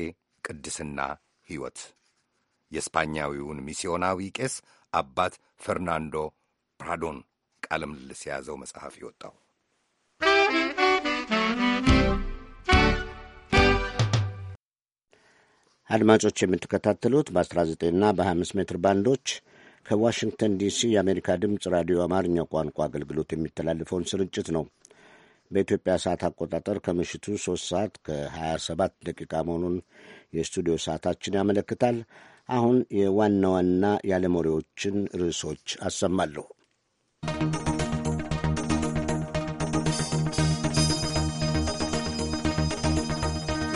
ቅድስና ሕይወት የስፓኛዊውን ሚስዮናዊ ቄስ አባት ፈርናንዶ ፕራዶን ቃለ ምልልስ የያዘው መጽሐፍ የወጣው። አድማጮች የምትከታተሉት በ19ና በ25 ሜትር ባንዶች ከዋሽንግተን ዲሲ የአሜሪካ ድምፅ ራዲዮ አማርኛ ቋንቋ አገልግሎት የሚተላለፈውን ስርጭት ነው። በኢትዮጵያ ሰዓት አቆጣጠር ከምሽቱ 3 ሰዓት ከ27 ደቂቃ መሆኑን የስቱዲዮ ሰዓታችን ያመለክታል። አሁን የዋና ዋና የዓለም ወሬዎችን ርዕሶች አሰማለሁ።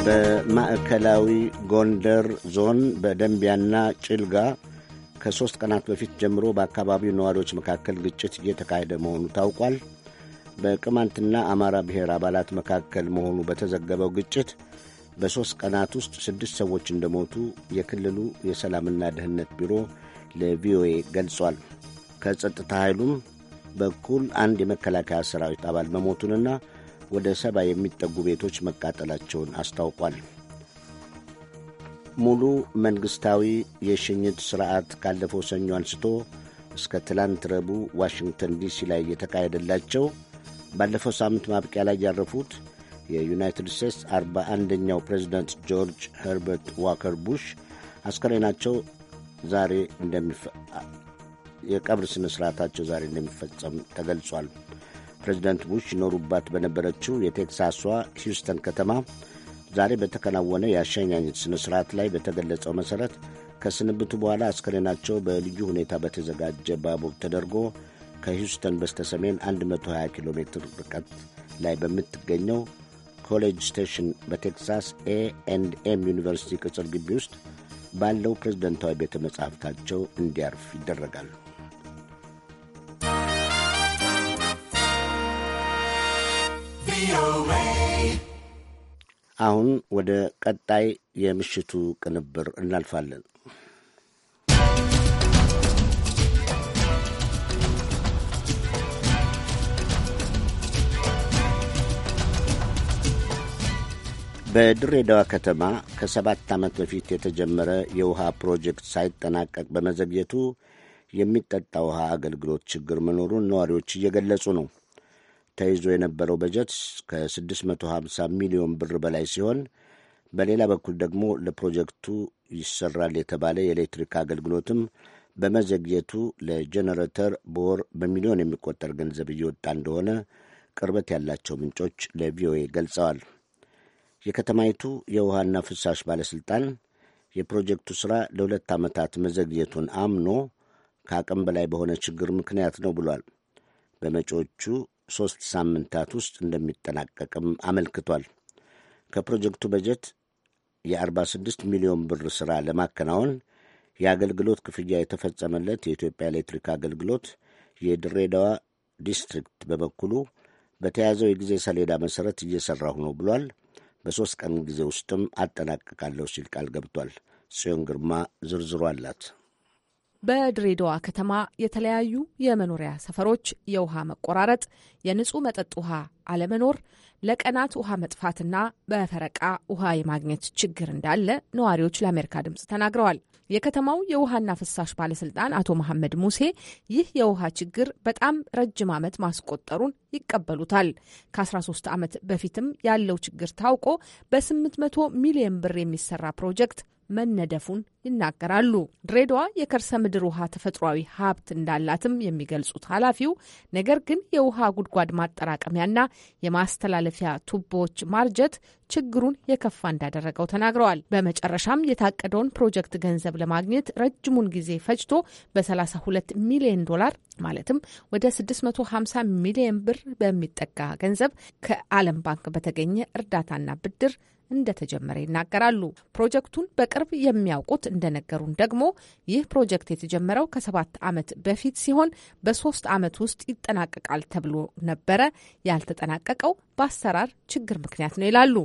በማዕከላዊ ጎንደር ዞን በደንቢያና ጭልጋ ከሦስት ቀናት በፊት ጀምሮ በአካባቢው ነዋሪዎች መካከል ግጭት እየተካሄደ መሆኑ ታውቋል። በቅማንትና አማራ ብሔር አባላት መካከል መሆኑ በተዘገበው ግጭት በሦስት ቀናት ውስጥ ስድስት ሰዎች እንደሞቱ የክልሉ የሰላምና ደህንነት ቢሮ ለቪኦኤ ገልጿል። ከጸጥታ ኃይሉም በኩል አንድ የመከላከያ ሰራዊት አባል መሞቱንና ወደ ሰባ የሚጠጉ ቤቶች መቃጠላቸውን አስታውቋል። ሙሉ መንግሥታዊ የሽኝት ሥርዓት ካለፈው ሰኞ አንስቶ እስከ ትላንት ረቡዕ ዋሽንግተን ዲሲ ላይ የተካሄደላቸው ባለፈው ሳምንት ማብቂያ ላይ ያረፉት የዩናይትድ ስቴትስ አርባ አንደኛው ፕሬዚደንት ጆርጅ ሄርበርት ዋከር ቡሽ አስከሬናቸው ዛሬ የቀብር ስነ ስርዓታቸው ዛሬ እንደሚፈጸም ተገልጿል። ፕሬዚደንት ቡሽ ይኖሩባት በነበረችው የቴክሳሷ ሂውስተን ከተማ ዛሬ በተከናወነ የአሸኛኘት ስነ ስርዓት ላይ በተገለጸው መሠረት ከስንብቱ በኋላ አስከሬናቸው በልዩ ሁኔታ በተዘጋጀ ባቡር ተደርጎ ከሂውስተን በስተሰሜን 120 ኪሎ ሜትር ርቀት ላይ በምትገኘው ኮሌጅ ስቴሽን በቴክሳስ ኤ ኤንድ ኤም ዩኒቨርሲቲ ቅጽር ግቢ ውስጥ ባለው ፕሬዝደንታዊ ቤተ መጻሕፍታቸው እንዲያርፍ ይደረጋሉ። አሁን ወደ ቀጣይ የምሽቱ ቅንብር እናልፋለን። በድሬዳዋ ከተማ ከሰባት ዓመት በፊት የተጀመረ የውሃ ፕሮጀክት ሳይጠናቀቅ በመዘግየቱ የሚጠጣ ውሃ አገልግሎት ችግር መኖሩን ነዋሪዎች እየገለጹ ነው። ተይዞ የነበረው በጀት ከ650 ሚሊዮን ብር በላይ ሲሆን፣ በሌላ በኩል ደግሞ ለፕሮጀክቱ ይሰራል የተባለ የኤሌክትሪክ አገልግሎትም በመዘግየቱ ለጄኔሬተር በወር በሚሊዮን የሚቆጠር ገንዘብ እየወጣ እንደሆነ ቅርበት ያላቸው ምንጮች ለቪኦኤ ገልጸዋል። የከተማይቱ የውሃና ፍሳሽ ባለሥልጣን የፕሮጀክቱ ሥራ ለሁለት ዓመታት መዘግየቱን አምኖ ከአቅም በላይ በሆነ ችግር ምክንያት ነው ብሏል። በመጪዎቹ ሦስት ሳምንታት ውስጥ እንደሚጠናቀቅም አመልክቷል። ከፕሮጀክቱ በጀት የ46 ሚሊዮን ብር ሥራ ለማከናወን የአገልግሎት ክፍያ የተፈጸመለት የኢትዮጵያ ኤሌክትሪክ አገልግሎት የድሬዳዋ ዲስትሪክት በበኩሉ በተያዘው የጊዜ ሰሌዳ መሠረት እየሠራሁ ነው ብሏል። በሦስት ቀን ጊዜ ውስጥም አጠናቅቃለሁ ሲል ቃል ገብቷል። ጽዮን ግርማ ዝርዝሩ አላት። በድሬዳዋ ከተማ የተለያዩ የመኖሪያ ሰፈሮች የውሃ መቆራረጥ፣ የንጹህ መጠጥ ውሃ አለመኖር፣ ለቀናት ውሃ መጥፋትና በፈረቃ ውሃ የማግኘት ችግር እንዳለ ነዋሪዎች ለአሜሪካ ድምጽ ተናግረዋል። የከተማው የውሃና ፍሳሽ ባለስልጣን አቶ መሐመድ ሙሴ ይህ የውሃ ችግር በጣም ረጅም ዓመት ማስቆጠሩን ይቀበሉታል። ከ13 ዓመት በፊትም ያለው ችግር ታውቆ በ800 ሚሊዮን ብር የሚሰራ ፕሮጀክት መነደፉን ይናገራሉ። ድሬዳዋ የከርሰ ምድር ውሃ ተፈጥሯዊ ሀብት እንዳላትም የሚገልጹት ኃላፊው፣ ነገር ግን የውሃ ጉድጓድ ማጠራቀሚያና የማስተላለፊያ ቱቦዎች ማርጀት ችግሩን የከፋ እንዳደረገው ተናግረዋል። በመጨረሻም የታቀደውን ፕሮጀክት ገንዘብ ለማግኘት ረጅሙን ጊዜ ፈጅቶ በ32 ሚሊዮን ዶላር ማለትም ወደ 650 ሚሊዮን ብር በሚጠጋ ገንዘብ ከዓለም ባንክ በተገኘ እርዳታና ብድር እንደተጀመረ ይናገራሉ። ፕሮጀክቱን በቅርብ የሚያውቁት እንደነገሩን ደግሞ ይህ ፕሮጀክት የተጀመረው ከሰባት ዓመት በፊት ሲሆን በሶስት ዓመት ውስጥ ይጠናቀቃል ተብሎ ነበረ። ያልተጠናቀቀው በአሰራር ችግር ምክንያት ነው ይላሉ።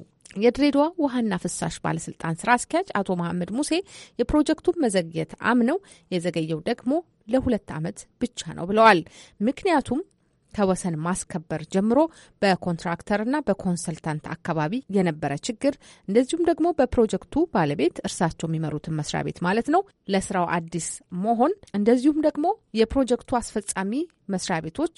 የድሬዳዋ ውሃና ፍሳሽ ባለስልጣን ስራ አስኪያጅ አቶ መሐመድ ሙሴ የፕሮጀክቱን መዘግየት አምነው የዘገየው ደግሞ ለሁለት ዓመት ብቻ ነው ብለዋል። ምክንያቱም ከወሰን ማስከበር ጀምሮ በኮንትራክተርና በኮንሰልታንት አካባቢ የነበረ ችግር እንደዚሁም ደግሞ በፕሮጀክቱ ባለቤት እርሳቸው የሚመሩትን መስሪያ ቤት ማለት ነው ለስራው አዲስ መሆን እንደዚሁም ደግሞ የፕሮጀክቱ አስፈጻሚ መስሪያ ቤቶች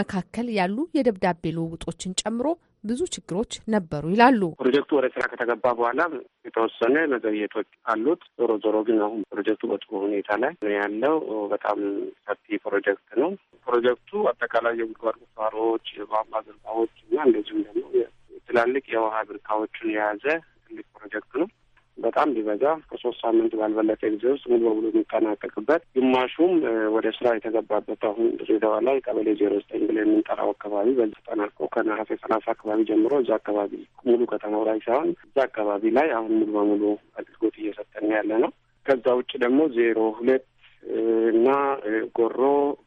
መካከል ያሉ የደብዳቤ ልውውጦችን ጨምሮ ብዙ ችግሮች ነበሩ ይላሉ። ፕሮጀክቱ ወደ ስራ ከተገባ በኋላ የተወሰነ መዘግየቶች አሉት። ዞሮ ዞሮ ግን አሁን ፕሮጀክቱ በጥሩ ሁኔታ ላይ ያለው በጣም ሰፊ ፕሮጀክት ነው። ፕሮጀክቱ አጠቃላይ የጉድጓድ ቁፋሮዎች፣ የቧንቧ ዝርጋታዎች እና እንደዚሁም ደግሞ ትላልቅ የውሃ ብርካዎችን የያዘ ትልቅ ፕሮጀክት ነው። በጣም ቢበዛ ከሶስት ሳምንት ባልበለጠ ጊዜ ውስጥ ሙሉ በሙሉ የሚጠናቀቅበት ግማሹም ወደ ስራ የተገባበት አሁን ድሬዳዋ ላይ ቀበሌ ዜሮ ዘጠኝ ብለን የምንጠራው አካባቢ በዚህ ተጠናቆ ከነሐሴ ሰላሳ አካባቢ ጀምሮ እዛ አካባቢ ሙሉ ከተማው ላይ ሳይሆን እዛ አካባቢ ላይ አሁን ሙሉ በሙሉ አገልግሎት እየሰጠን ያለ ነው። ከዛ ውጭ ደግሞ ዜሮ ሁለት እና ጎሮ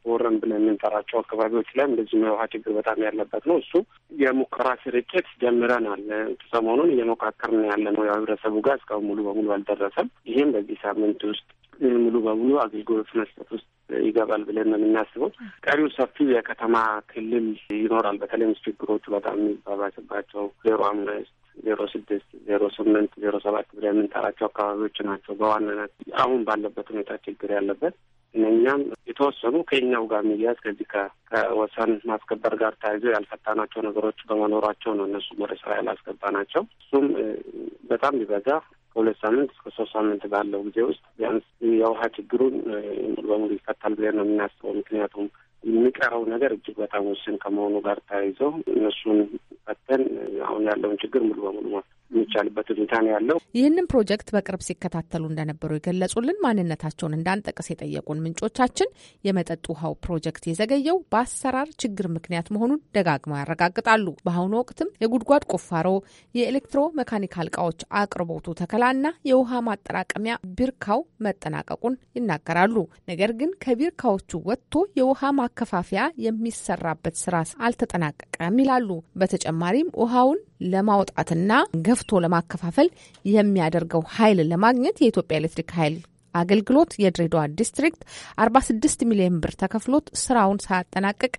ጎረን ብለን የምንጠራቸው አካባቢዎች ላይ እንደዚሁም የውሃ ችግር በጣም ያለበት ነው። እሱ የሙከራ ስርጭት ጀምረናል። ሰሞኑን እየሞካከርን ያለ ነው የህብረተሰቡ ጋር እስካሁን ሙሉ በሙሉ አልደረሰም። ይህም በዚህ ሳምንት ውስጥ ሙሉ በሙሉ አገልግሎት መስጠት ውስጥ ይገባል ብለን ነው የምናስበው። ቀሪው ሰፊው የከተማ ክልል ይኖራል። በተለይም ችግሮቹ በጣም የሚባባስባቸው ዜሮ አምስት ዜሮ ስድስት ዜሮ ስምንት ዜሮ ሰባት ብለ የምንጠራቸው አካባቢዎች ናቸው በዋናነት አሁን ባለበት ሁኔታ ችግር ያለበት። እነኛም የተወሰኑ ከኛው ጋር የሚያያዝ ከዚህ ከወሰን ማስከበር ጋር ተያይዞ ያልፈታናቸው ነገሮች በመኖሯቸው ነው እነሱ ወደ ስራ ናቸው። እሱም በጣም ቢበዛ ከሁለት ሳምንት እስከ ሶስት ሳምንት ባለው ጊዜ ውስጥ ቢያንስ የውሃ ችግሩን ሙሉ በሙሉ ይፈታል ብለን ነው የምናስበው ምክንያቱም የሚቀረው ነገር እጅግ በጣም ውስን ከመሆኑ ጋር ተያይዘው እነሱን ፈተን አሁን ያለውን ችግር ሙሉ በሙሉ የሚቻልበት ሁኔታ ነው ያለው። ይህንን ፕሮጀክት በቅርብ ሲከታተሉ እንደነበሩ የገለጹልን ማንነታቸውን እንዳንጠቅስ የጠየቁን ምንጮቻችን የመጠጥ ውሃው ፕሮጀክት የዘገየው በአሰራር ችግር ምክንያት መሆኑን ደጋግመው ያረጋግጣሉ። በአሁኑ ወቅትም የጉድጓድ ቁፋሮ፣ የኤሌክትሮ መካኒካል እቃዎች አቅርቦቱ ተከላና የውሃ ማጠራቀሚያ ቢርካው መጠናቀቁን ይናገራሉ። ነገር ግን ከቢርካዎቹ ወጥቶ የውሃ ማከፋፈያ የሚሰራበት ስራ አልተጠናቀቀም ይላሉ። በተጨማሪም ውሃውን ለማውጣትና ገፍቶ ለማከፋፈል የሚያደርገው ኃይል ለማግኘት የኢትዮጵያ ኤሌክትሪክ ኃይል አገልግሎት የድሬዳዋ ዲስትሪክት 46 ሚሊዮን ብር ተከፍሎት ስራውን ሳያጠናቅቅ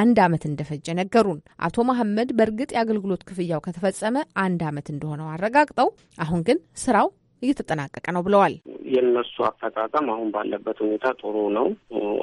አንድ ዓመት እንደፈጀ ነገሩን አቶ መሐመድ። በእርግጥ የአገልግሎት ክፍያው ከተፈጸመ አንድ ዓመት እንደሆነው አረጋግጠው አሁን ግን ስራው እየተጠናቀቀ ነው ብለዋል። የነሱ አጠቃቀም አሁን ባለበት ሁኔታ ጥሩ ነው።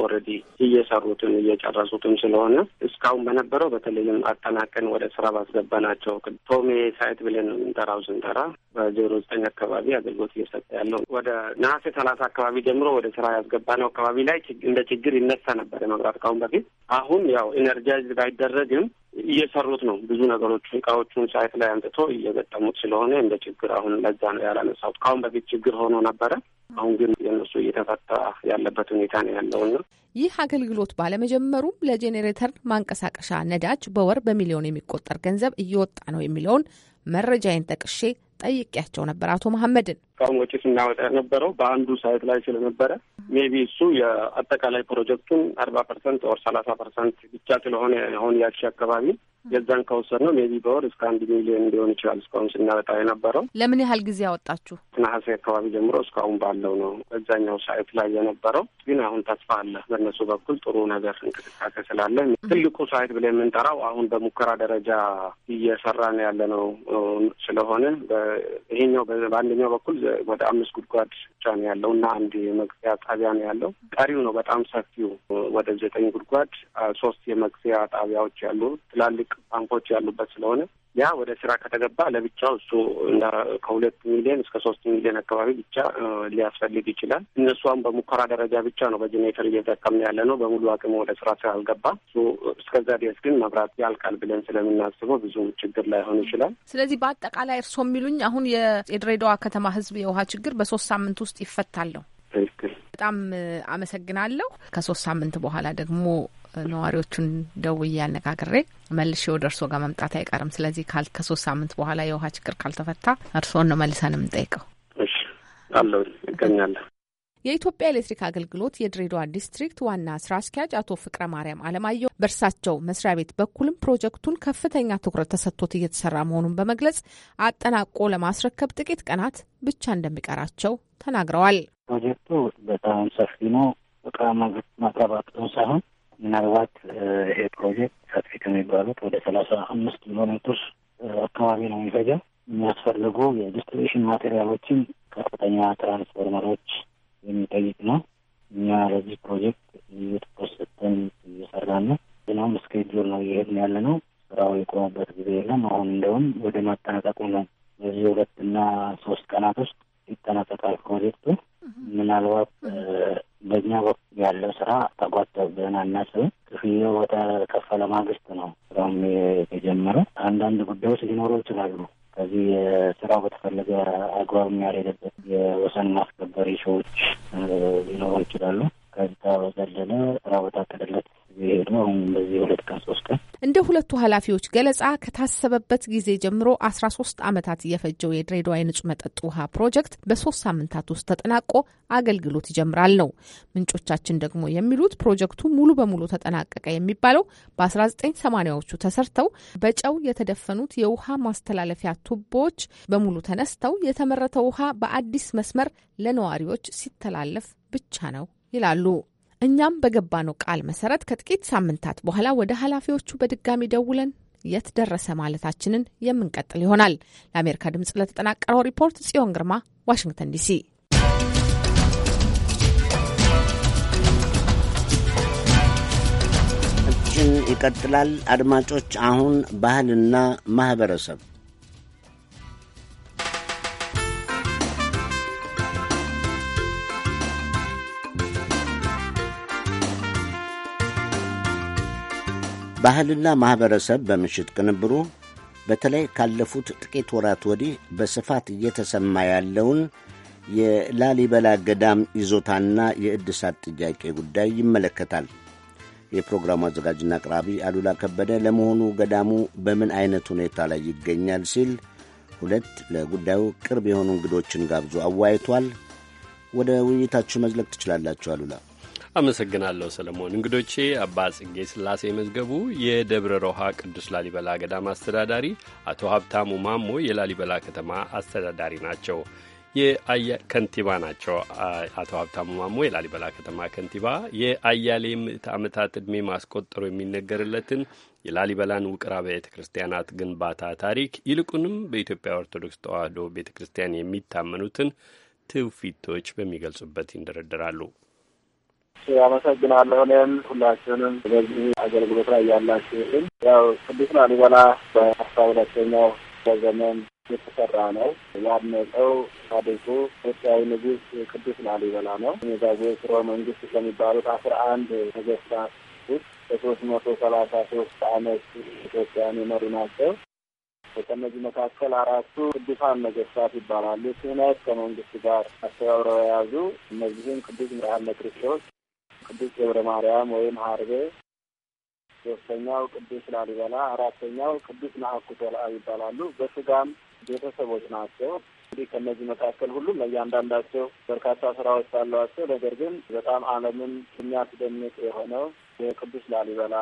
ኦልሬዲ እየሰሩትም እየጨረሱትም ስለሆነ እስካሁን በነበረው በተለይም አጠናቀን ወደ ስራ ባስገባናቸው ቶሜ ሳይት ብለን ነው የምንጠራው ስንጠራ በዜሮ ዘጠኝ አካባቢ አገልግሎት እየሰጠ ያለው ወደ ነሐሴ ሰላሳ አካባቢ ጀምሮ ወደ ስራ ያስገባነው አካባቢ ላይ እንደ ችግር ይነሳ ነበር የመብራት ካሁን በፊት አሁን ያው ኢነርጃይዝ ባይደረግም እየሰሩት ነው። ብዙ ነገሮቹ እቃዎቹን ሳይት ላይ አንጥቶ እየገጠሙት ስለሆነ እንደ ችግር አሁን ለዛ ነው ያላነሳሁት። ከአሁን በፊት ችግር ሆኖ ነበረ። አሁን ግን የእነሱ እየተፈታ ያለበት ሁኔታ ነው ያለውና ይህ አገልግሎት ባለመጀመሩም ለጄኔሬተር ማንቀሳቀሻ ነዳጅ በወር በሚሊዮን የሚቆጠር ገንዘብ እየወጣ ነው የሚለውን መረጃዬን ጠቅሼ ጠይቄያቸው ነበር አቶ መሐመድን። እስካሁን ወጪ ስናወጣ የነበረው በአንዱ ሳይት ላይ ስለነበረ ሜቢ እሱ የአጠቃላይ ፕሮጀክቱን አርባ ፐርሰንት ኦር ሰላሳ ፐርሰንት ብቻ ስለሆነ አሁን ያቺ አካባቢ የዛን ከወሰድ ነው ሜቢ በወር እስከ አንድ ሚሊዮን ሊሆን ይችላል። እስካሁን ስናወጣ የነበረው ለምን ያህል ጊዜ አወጣችሁ? ነሐሴ አካባቢ ጀምሮ እስካሁን ባለው ነው በዛኛው ሳይት ላይ የነበረው። ግን አሁን ተስፋ አለ በእነሱ በኩል ጥሩ ነገር እንቅስቃሴ ስላለ ትልቁ ሳይት ብለን የምንጠራው አሁን በሙከራ ደረጃ እየሰራ ነው ያለ ነው ስለሆነ ይሄኛው በአንደኛው በኩል ወደ አምስት ጉድጓድ ብቻ ነው ያለው እና አንድ የመግቢያ ጣቢያ ነው ያለው። ቀሪው ነው በጣም ሰፊው ወደ ዘጠኝ ጉድጓድ ሶስት የመግቢያ ጣቢያዎች ያሉ ትላልቅ ባንኮች ያሉበት ስለሆነ ያ ወደ ስራ ከተገባ ለብቻው እሱ ከሁለት ሚሊዮን እስከ ሶስት ሚሊዮን አካባቢ ብቻ ሊያስፈልግ ይችላል። እነሷም በሙከራ ደረጃ ብቻ ነው በጀኔተር እየጠቀምን ያለ ነው። በሙሉ አቅም ወደ ስራ ስላልገባ እሱ እስከዛ ድረስ ግን መብራት ያልቃል ብለን ስለምናስበው ብዙ ችግር ላይሆን ይችላል። ስለዚህ በአጠቃላይ እርስዎ የሚሉኝ አሁን የድሬዳዋ ከተማ ህዝብ የውሃ ችግር በሶስት ሳምንት ውስጥ ይፈታለሁ። በጣም አመሰግናለሁ። ከሶስት ሳምንት በኋላ ደግሞ ነዋሪዎቹን ደውዬ አነጋግሬ መልሼ ወደ እርስዎ ጋር መምጣት አይቀርም። ስለዚህ ከሶስት ሳምንት በኋላ የውሃ ችግር ካልተፈታ እርስዎን ነው መልሰን የምንጠይቀው። እሺ የኢትዮጵያ ኤሌክትሪክ አገልግሎት የድሬዳዋ ዲስትሪክት ዋና ስራ አስኪያጅ አቶ ፍቅረ ማርያም አለማየሁ በእርሳቸው መስሪያ ቤት በኩልም ፕሮጀክቱን ከፍተኛ ትኩረት ተሰጥቶት እየተሰራ መሆኑን በመግለጽ አጠናቆ ለማስረከብ ጥቂት ቀናት ብቻ እንደሚቀራቸው ተናግረዋል። ፕሮጀክቱ በጣም ሰፊ ነው። እቃ ማግባት ሳይሆን ምናልባት ይሄ ፕሮጀክት ሰፊት የሚባሉት ወደ ሰላሳ አምስት ኪሎ ሜትር አካባቢ ነው የሚፈጀው። የሚያስፈልጉ የዲስትሪቢሽን ማቴሪያሎችን ከፍተኛ ትራንስፎርመሮች የሚጠይቅ ነው። እኛ ለዚህ ፕሮጀክት ልዩ ትኩረት ሰጥተን እየሰራን ነው። ዝናውን ስኬጁል ነው እየሄድን ያለ ነው። ስራው የቆመበት ጊዜ የለም። አሁን እንደውም ወደ ማጠናቀቁ ነው። በዚህ ሁለትና ሶስት ቀናት ውስጥ ይጠናቀቃል ፕሮጀክቱ። ምናልባት በእኛ በኩል ያለው ስራ ተጓተብን አናስብም። ክፍያው በተከፈለ ማግስት ነው ስራም የጀመረ። አንዳንድ ጉዳዮች ሊኖሩ ይችላሉ። ከዚህ ስራው በተፈለገ አግባብ የሚያደሄደበት የወሰን ማስከበር ሰዎች ሊኖሩ ይችላሉ። ከዛ በዘለለ ስራ ቦታ ተደለት ሄዱ። አሁን በዚህ ሁለት ቀን ሶስት ቀን እንደ ሁለቱ ኃላፊዎች ገለጻ ከታሰበበት ጊዜ ጀምሮ አስራ ሶስት አመታት እየፈጀው የድሬዳዋ የንጹህ መጠጥ ውሃ ፕሮጀክት በሶስት ሳምንታት ውስጥ ተጠናቆ አገልግሎት ይጀምራል ነው። ምንጮቻችን ደግሞ የሚሉት ፕሮጀክቱ ሙሉ በሙሉ ተጠናቀቀ የሚባለው በ1980ዎቹ ተሰርተው በጨው የተደፈኑት የውሃ ማስተላለፊያ ቱቦዎች በሙሉ ተነስተው የተመረተው ውሃ በአዲስ መስመር ለነዋሪዎች ሲተላለፍ ብቻ ነው ይላሉ። እኛም በገባነው ቃል መሰረት ከጥቂት ሳምንታት በኋላ ወደ ኃላፊዎቹ በድጋሚ ደውለን የት ደረሰ ማለታችንን የምንቀጥል ይሆናል። ለአሜሪካ ድምፅ ለተጠናቀረው ሪፖርት ጽዮን ግርማ፣ ዋሽንግተን ዲሲ። ይቀጥላል። አድማጮች፣ አሁን ባህልና ማህበረሰብ ባህልና ማኅበረሰብ በምሽት ቅንብሩ በተለይ ካለፉት ጥቂት ወራት ወዲህ በስፋት እየተሰማ ያለውን የላሊበላ ገዳም ይዞታና የእድሳት ጥያቄ ጉዳይ ይመለከታል። የፕሮግራሙ አዘጋጅና አቅራቢ አሉላ ከበደ ለመሆኑ ገዳሙ በምን አይነት ሁኔታ ላይ ይገኛል ሲል ሁለት ለጉዳዩ ቅርብ የሆኑ እንግዶችን ጋብዞ አወያይቷል። ወደ ውይይታችሁ መዝለቅ ትችላላችሁ አሉላ። አመሰግናለሁ ሰለሞን። እንግዶቼ አባ ጽጌ ስላሴ መዝገቡ የደብረ ሮሃ ቅዱስ ላሊበላ ገዳም አስተዳዳሪ፣ አቶ ሀብታሙ ማሞ የላሊበላ ከተማ አስተዳዳሪ ናቸው ከንቲባ ናቸው። አቶ ሀብታሙ ማሞ የላሊበላ ከተማ ከንቲባ የአያሌ ምዕተ ዓመታት ዕድሜ ማስቆጠሩ የሚነገርለትን የላሊበላን ውቅር አብያተ ክርስቲያናት ግንባታ ታሪክ ይልቁንም በኢትዮጵያ ኦርቶዶክስ ተዋሕዶ ቤተ ክርስቲያን የሚታመኑትን ትውፊቶች በሚገልጹበት ይንደረደራሉ። አመሰግናለሁ። እኔም ሁላችሁንም በዚህ አገልግሎት ላይ ያላችሁን ያው ቅዱስ ላሊበላ በአስራ ሁለተኛው በዘመን የተሰራ ነው። ያነጸው ጻድቁ ኢትዮጵያዊ ንጉስ ቅዱስ ላሊበላ ነው። ዛጉዌ ሥርወ መንግስት ከሚባሉት አስራ አንድ ነገስታት ውስጥ በሶስት መቶ ሰላሳ ሶስት አመት ኢትዮጵያን የመሩ ናቸው። ከእነዚህ መካከል አራቱ ቅዱሳን ነገስታት ይባላሉ። ክህነት ከመንግስት ጋር አስተባብረው የያዙ እነዚህም ቅዱስ ብርሃነ ክርስቶስ ቅዱስ ገብረ ማርያም ወይም ሀርቤ፣ ሶስተኛው ቅዱስ ላሊበላ፣ አራተኛው ቅዱስ መሀኩቶ ይባላሉ። በስጋም ቤተሰቦች ናቸው። እንግዲህ ከእነዚህ መካከል ሁሉም ለእያንዳንዳቸው በርካታ ስራዎች አሏቸው። ነገር ግን በጣም ዓለምን የሚያስደንቅ የሆነው የቅዱስ ላሊበላ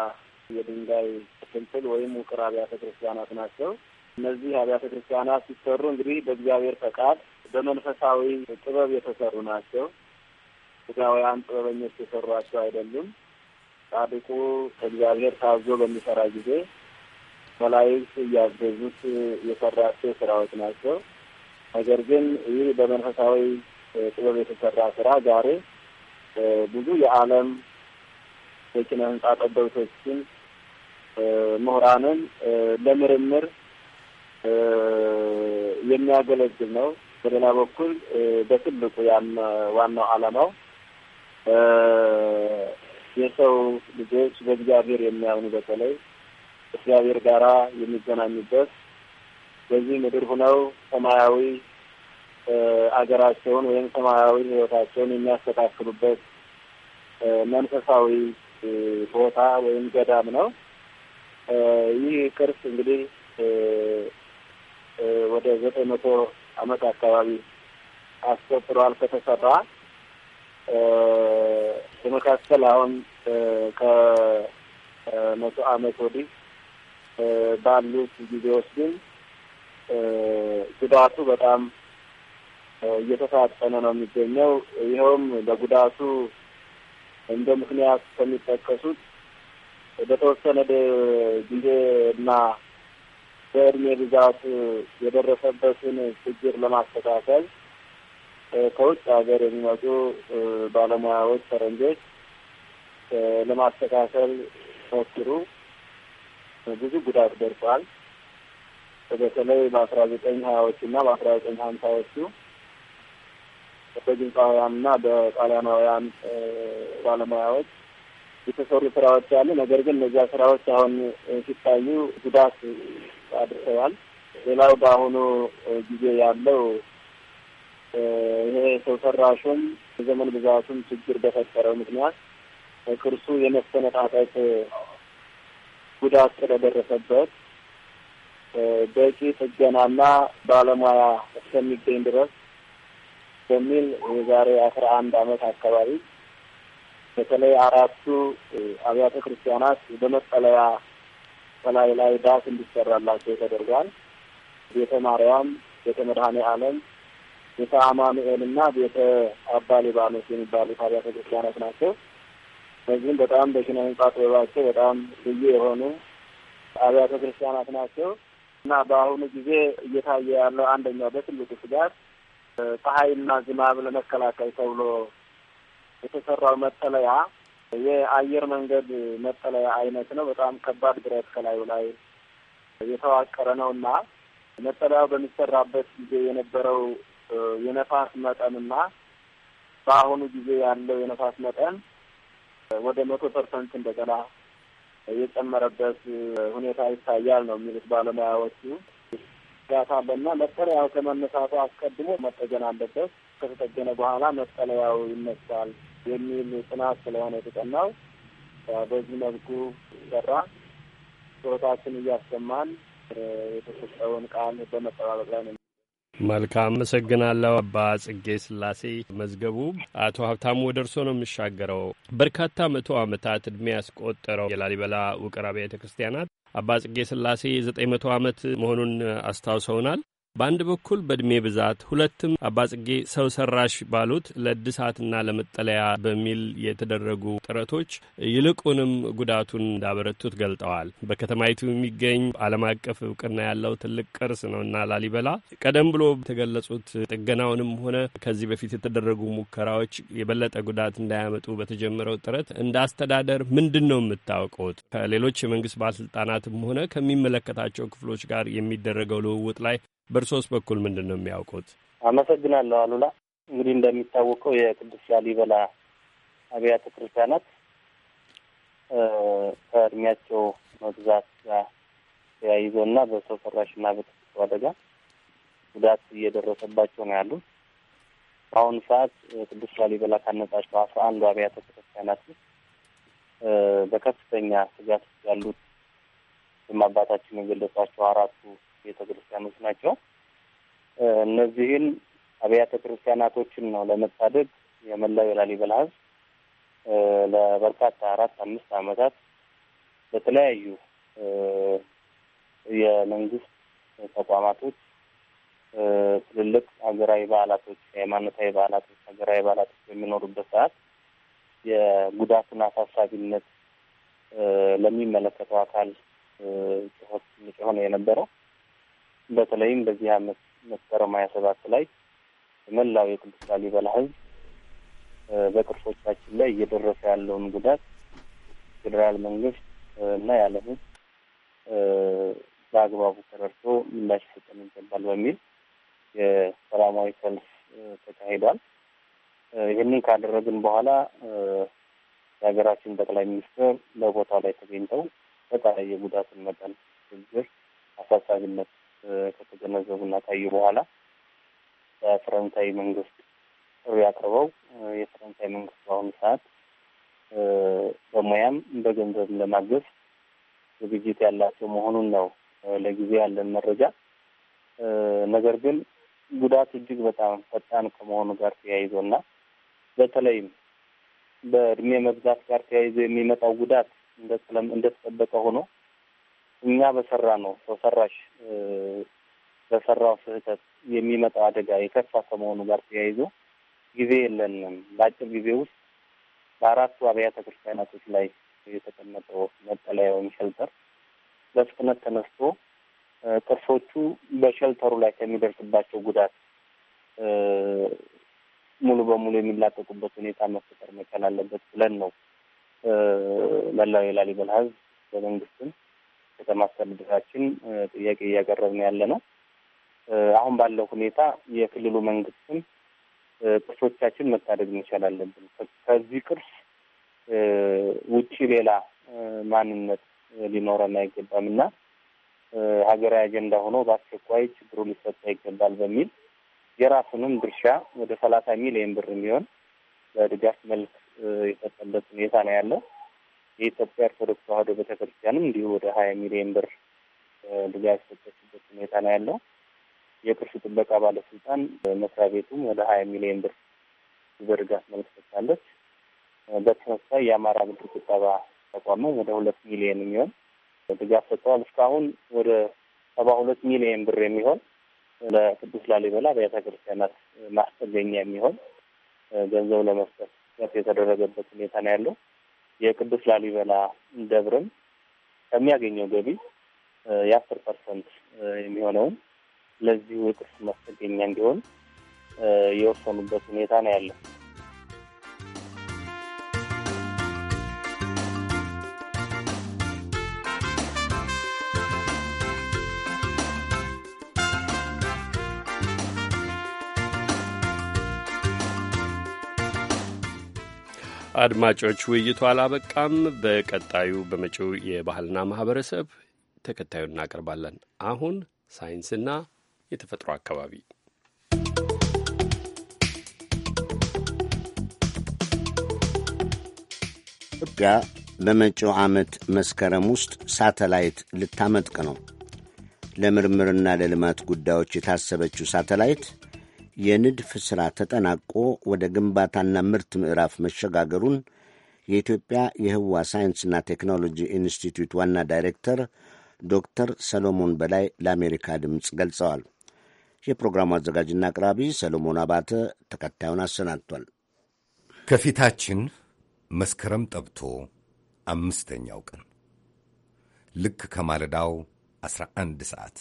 የድንጋይ ፍልፍል ወይም ውቅር አብያተ ክርስቲያናት ናቸው። እነዚህ አብያተ ክርስቲያናት ሲሰሩ እንግዲህ በእግዚአብሔር ፈቃድ በመንፈሳዊ ጥበብ የተሰሩ ናቸው። ስጋውያን ጥበበኞች የሰሯቸው አይደሉም። ጻድቁ እግዚአብሔር ታዞ በሚሰራ ጊዜ መላእክት እያገዙት የሰራቸው ስራዎች ናቸው። ነገር ግን ይህ በመንፈሳዊ ጥበብ የተሰራ ስራ ዛሬ ብዙ የዓለም የኪነ ህንጻ ጠበብቶችን፣ ምሁራንን ለምርምር የሚያገለግል ነው። በሌላ በኩል በትልቁ ዋናው ዓላማው የሰው ልጆች በእግዚአብሔር የሚያምኑ በተለይ እግዚአብሔር ጋራ የሚገናኙበት በዚህ ምድር ሁነው ሰማያዊ አገራቸውን ወይም ሰማያዊ ሕይወታቸውን የሚያስተካክሉበት መንፈሳዊ ቦታ ወይም ገዳም ነው። ይህ ቅርስ እንግዲህ ወደ ዘጠኝ መቶ ዓመት አካባቢ አስቆጥሯል ከተሰራ በመካከል አሁን ከመቶ አመት ወዲህ ባሉት ጊዜዎች ግን ጉዳቱ በጣም እየተፋጠነ ነው የሚገኘው። ይኸውም በጉዳቱ እንደ ምክንያት ከሚጠቀሱት በተወሰነ ጊዜ እና በእድሜ ብዛት የደረሰበትን ችግር ለማስተካከል ከውጭ ሀገር የሚመጡ ባለሙያዎች ፈረንጆች ለማስተካከል ሞክሩ ብዙ ጉዳት ደርሷል። በተለይ በአስራ ዘጠኝ ሀያዎቹ እና በአስራ ዘጠኝ ሀምሳዎቹ በግብፃውያን እና በጣሊያናውያን ባለሙያዎች የተሰሩ ስራዎች አሉ። ነገር ግን እነዚያ ስራዎች አሁን ሲታዩ ጉዳት አድርሰዋል። ሌላው በአሁኑ ጊዜ ያለው ይሄ ሰው ሰራሹም የዘመን ብዛቱም ችግር በፈጠረው ምክንያት ቅርሱ የመሰነጣጠቅ ጉዳት ስለደረሰበት በቂ ጥገናና ባለሙያ እስከሚገኝ ድረስ በሚል የዛሬ አስራ አንድ አመት አካባቢ በተለይ አራቱ አብያተ ክርስቲያናት በመጠለያ በላይ ላይ ዳስ እንዲሰራላቸው ተደርጓል። ቤተ ማርያም፣ ቤተ መድኃኔ ዓለም ቤተ አማኑኤል ቤተ አባ ሊባኖስ የሚባሉት አብያተ ክርስቲያናት ናቸው። እነዚህም በጣም በኪነ ህንጻ ጥበባቸው በጣም ልዩ የሆኑ አብያተ ክርስቲያናት ናቸው እና በአሁኑ ጊዜ እየታየ ያለው አንደኛው በትልቁ ስጋት ፀሐይና ዝናብ ለመከላከል ተብሎ የተሰራው መጠለያ የአየር መንገድ መጠለያ አይነት ነው። በጣም ከባድ ብረት ከላዩ ላይ የተዋቀረ ነው እና መጠለያው በሚሰራበት ጊዜ የነበረው የነፋስ መጠንና በአሁኑ ጊዜ ያለው የነፋስ መጠን ወደ መቶ ፐርሰንት እንደገና የጨመረበት ሁኔታ ይታያል ነው የሚሉት ባለሙያዎቹ። ጋት አለና መጠለያው ከመነሳቱ አስቀድሞ መጠገን አለበት፣ ከተጠገነ በኋላ መጠለያው ይነሳል የሚል ጥናት ስለሆነ የተጠናው በዚህ መልኩ ይሰራ። ጸሎታችን እያሰማን የተሰጠውን ቃል በመጠባበቅ ላይ ነው። መልካም አመሰግናለሁ። አባ ጽጌ ስላሴ መዝገቡ። አቶ ሀብታሙ ወደ እርሶ ነው የምሻገረው። በርካታ መቶ ዓመታት ዕድሜ ያስቆጠረው የላሊበላ ውቅር አብያተ ክርስቲያናት አባ ጽጌ ስላሴ ዘጠኝ መቶ ዓመት መሆኑን አስታውሰውናል። በአንድ በኩል በዕድሜ ብዛት ሁለትም አባጽጌ ሰው ሰራሽ ባሉት ለእድሳትና ለመጠለያ በሚል የተደረጉ ጥረቶች ይልቁንም ጉዳቱን እንዳበረቱት ገልጠዋል። በከተማይቱ የሚገኝ ዓለም አቀፍ እውቅና ያለው ትልቅ ቅርስ ነውና ላሊበላ ቀደም ብሎ የተገለጹት ጥገናውንም ሆነ ከዚህ በፊት የተደረጉ ሙከራዎች የበለጠ ጉዳት እንዳያመጡ በተጀመረው ጥረት እንደ አስተዳደር ምንድን ነው የምታውቁት? ከሌሎች የመንግስት ባለስልጣናትም ሆነ ከሚመለከታቸው ክፍሎች ጋር የሚደረገው ልውውጥ ላይ በእርሶስ በኩል ምንድን ነው የሚያውቁት? አመሰግናለሁ አሉላ። እንግዲህ እንደሚታወቀው የቅዱስ ላሊበላ አብያተ ክርስቲያናት ከእድሜያቸው መብዛት ጋር ተያይዞ እና በሰው ሰራሽና በተፈጥሮ አደጋ ጉዳት እየደረሰባቸው ነው ያሉት። በአሁኑ ሰዓት ቅዱስ ላሊበላ ካነጻቸው አስራ አንዱ አብያተ ክርስቲያናት በከፍተኛ ስጋት ያሉት የማባታችን የገለጿቸው አራቱ ቤተ ክርስቲያኖች ናቸው። እነዚህን አብያተ ክርስቲያናቶችን ነው ለመታደግ የመላው የላሊበላ ሕዝብ ለበርካታ አራት አምስት ዓመታት በተለያዩ የመንግስት ተቋማቶች ትልልቅ ሀገራዊ በዓላቶች፣ ሃይማኖታዊ በዓላቶች፣ ሀገራዊ በዓላቶች በሚኖሩበት ሰዓት የጉዳቱን አሳሳቢነት ለሚመለከተው አካል ጮኸ የነበረው። በተለይም በዚህ አመት መስከረም ሀያ ሰባት ላይ መላው የቅዱስ ላሊበላ ህዝብ በቅርሶቻችን ላይ እየደረሰ ያለውን ጉዳት ፌዴራል መንግስት እና ያለ ህዝብ በአግባቡ ተረድቶ ምላሽ ሊሰጠን ይገባል በሚል የሰላማዊ ሰልፍ ተካሂዷል። ይህንን ካደረግን በኋላ የሀገራችን ጠቅላይ ሚኒስትር በቦታው ላይ ተገኝተው አጠቃላይ የጉዳቱን መጠን ችግር አሳሳቢነት ከተገነዘቡ እና ካዩ በኋላ በፈረንሳይ መንግስት ጥሪ አቅርበው የፈረንሳይ መንግስት በአሁኑ ሰዓት በሙያም በገንዘብ ለማገዝ ዝግጅት ያላቸው መሆኑን ነው ለጊዜ ያለን መረጃ። ነገር ግን ጉዳት እጅግ በጣም ፈጣን ከመሆኑ ጋር ተያይዞ እና በተለይም በእድሜ መብዛት ጋር ተያይዞ የሚመጣው ጉዳት እንደተጠበቀ ሆኖ እኛ በሰራ ነው ሰው ሰራሽ በሰራው ስህተት የሚመጣው አደጋ የከፋ ከመሆኑ ጋር ተያይዞ ጊዜ የለንም። በአጭር ጊዜ ውስጥ በአራቱ አብያተ ክርስቲያናቶች ላይ የተቀመጠው መጠለያ ወይም ሸልተር በፍጥነት ተነስቶ ቅርሶቹ በሸልተሩ ላይ ከሚደርስባቸው ጉዳት ሙሉ በሙሉ የሚላቀቁበት ሁኔታ መፈጠር መቻል አለበት ብለን ነው መላው የላሊበላ ሕዝብ በመንግስትም ከተማ አስተዳደራችን ጥያቄ እያቀረብን ያለ ነው። አሁን ባለው ሁኔታ የክልሉ መንግስትም ቅርሶቻችን መታደግ መቻል አለብን። ከዚህ ቅርስ ውጭ ሌላ ማንነት ሊኖረን አይገባም እና ሀገራዊ አጀንዳ ሆኖ በአስቸኳይ ችግሩ ሊፈታ ይገባል በሚል የራሱንም ድርሻ ወደ ሰላሳ ሚሊዮን ብር የሚሆን በድጋፍ መልክ የሰጠበት ሁኔታ ነው ያለው። የኢትዮጵያ ኦርቶዶክስ ተዋህዶ ቤተክርስቲያንም እንዲሁ ወደ ሀያ ሚሊዮን ብር ድጋ ያስፈጠችበት ሁኔታ ነው ያለው። የቅርሱ ጥበቃ ባለስልጣን መስሪያ ቤቱም ወደ ሀያ ሚሊዮን ብር በድጋፍ መልስ ሰጥታለች። በተመሳሳይ የአማራ ብድር ቁጠባ ተቋምም ወደ ሁለት ሚሊዮን የሚሆን ድጋፍ ሰጥተዋል። እስካሁን ወደ ሰባ ሁለት ሚሊዮን ብር የሚሆን ለቅዱስ ላሊበላ ቤተ ክርስቲያናት ማስጠገኛ የሚሆን ገንዘብ ለመስጠት የተደረገበት ሁኔታ ነው ያለው። የቅዱስ ላሊበላ ደብርም ከሚያገኘው ገቢ የአስር ፐርሰንት የሚሆነውን ለዚሁ የቅርስ ማስጠገኛ እንዲሆን የወሰኑበት ሁኔታ ነው ያለው። አድማጮች፣ ውይይቱ አላበቃም። በቀጣዩ በመጪው የባህልና ማህበረሰብ ተከታዩን እናቀርባለን። አሁን ሳይንስና የተፈጥሮ አካባቢ ኢትዮጵያ በመጪው ዓመት መስከረም ውስጥ ሳተላይት ልታመጥቅ ነው። ለምርምርና ለልማት ጉዳዮች የታሰበችው ሳተላይት የንድፍ ሥራ ተጠናቆ ወደ ግንባታና ምርት ምዕራፍ መሸጋገሩን የኢትዮጵያ የህዋ ሳይንስና ቴክኖሎጂ ኢንስቲትዩት ዋና ዳይሬክተር ዶክተር ሰሎሞን በላይ ለአሜሪካ ድምፅ ገልጸዋል። የፕሮግራሙ አዘጋጅና አቅራቢ ሰሎሞን አባተ ተከታዩን አሰናድቷል። ከፊታችን መስከረም ጠብቶ አምስተኛው ቀን ልክ ከማለዳው 11 ሰዓት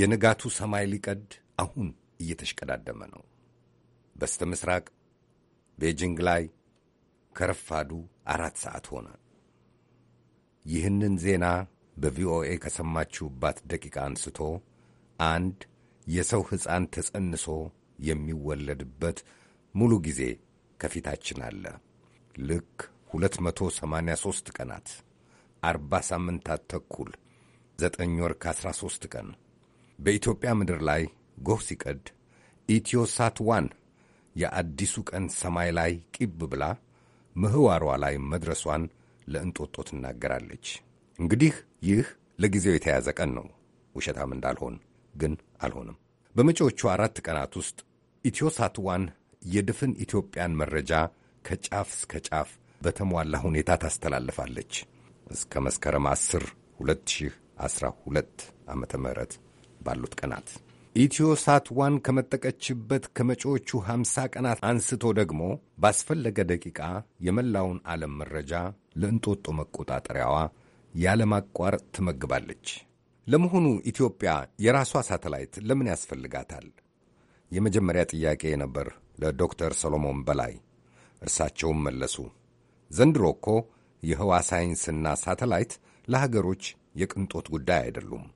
የንጋቱ ሰማይ ሊቀድ አሁን እየተሽቀዳደመ ነው። በስተ ምስራቅ ቤጂንግ ላይ ከረፋዱ አራት ሰዓት ሆነ። ይህንን ዜና በቪኦኤ ከሰማችሁባት ደቂቃ አንስቶ አንድ የሰው ሕፃን ተጸንሶ የሚወለድበት ሙሉ ጊዜ ከፊታችን አለ። ልክ 283 ቀናት፣ 40 ሳምንታት ተኩል፣ 9 ወር ከ13 ቀን በኢትዮጵያ ምድር ላይ ጎህ ሲቀድ ኢትዮሳት ዋን የአዲሱ ቀን ሰማይ ላይ ቂብ ብላ ምህዋሯ ላይ መድረሷን ለእንጦጦ ትናገራለች። እንግዲህ ይህ ለጊዜው የተያዘ ቀን ነው። ውሸታም እንዳልሆን ግን አልሆንም። በመጪዎቹ አራት ቀናት ውስጥ ኢትዮሳት ዋን የድፍን ኢትዮጵያን መረጃ ከጫፍ እስከ ጫፍ በተሟላ ሁኔታ ታስተላልፋለች። እስከ መስከረም 10 2012 ዓ ም ባሉት ቀናት ኢትዮሳት ዋን ከመጠቀችበት ከመጪዎቹ 50 ቀናት አንስቶ ደግሞ ባስፈለገ ደቂቃ የመላውን ዓለም መረጃ ለእንጦጦ መቆጣጠሪያዋ ያለማቋረጥ ትመግባለች። ለመሆኑ ኢትዮጵያ የራሷ ሳተላይት ለምን ያስፈልጋታል? የመጀመሪያ ጥያቄ ነበር ለዶክተር ሰሎሞን በላይ። እርሳቸውም መለሱ፣ ዘንድሮ እኮ የህዋ ሳይንስና ሳተላይት ለሀገሮች የቅንጦት ጉዳይ አይደሉም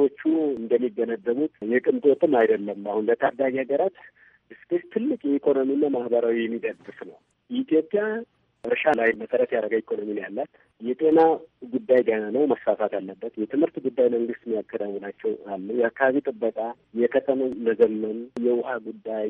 ብዙዎቹ እንደሚገነዘቡት የቅንጦትም አይደለም። አሁን ለታዳጊ ሀገራት ስፔስ ትልቅ የኢኮኖሚና ማህበራዊ የሚደግፍ ነው። ኢትዮጵያ እርሻ ላይ መሰረት ያደረገ ኢኮኖሚ ነው ያላት። የጤና ጉዳይ ገና ነው፣ መስፋፋት አለበት። የትምህርት ጉዳይ መንግስት የሚያከናውናቸው አሉ። የአካባቢ ጥበቃ፣ የከተማ መዘመን፣ የውሃ ጉዳይ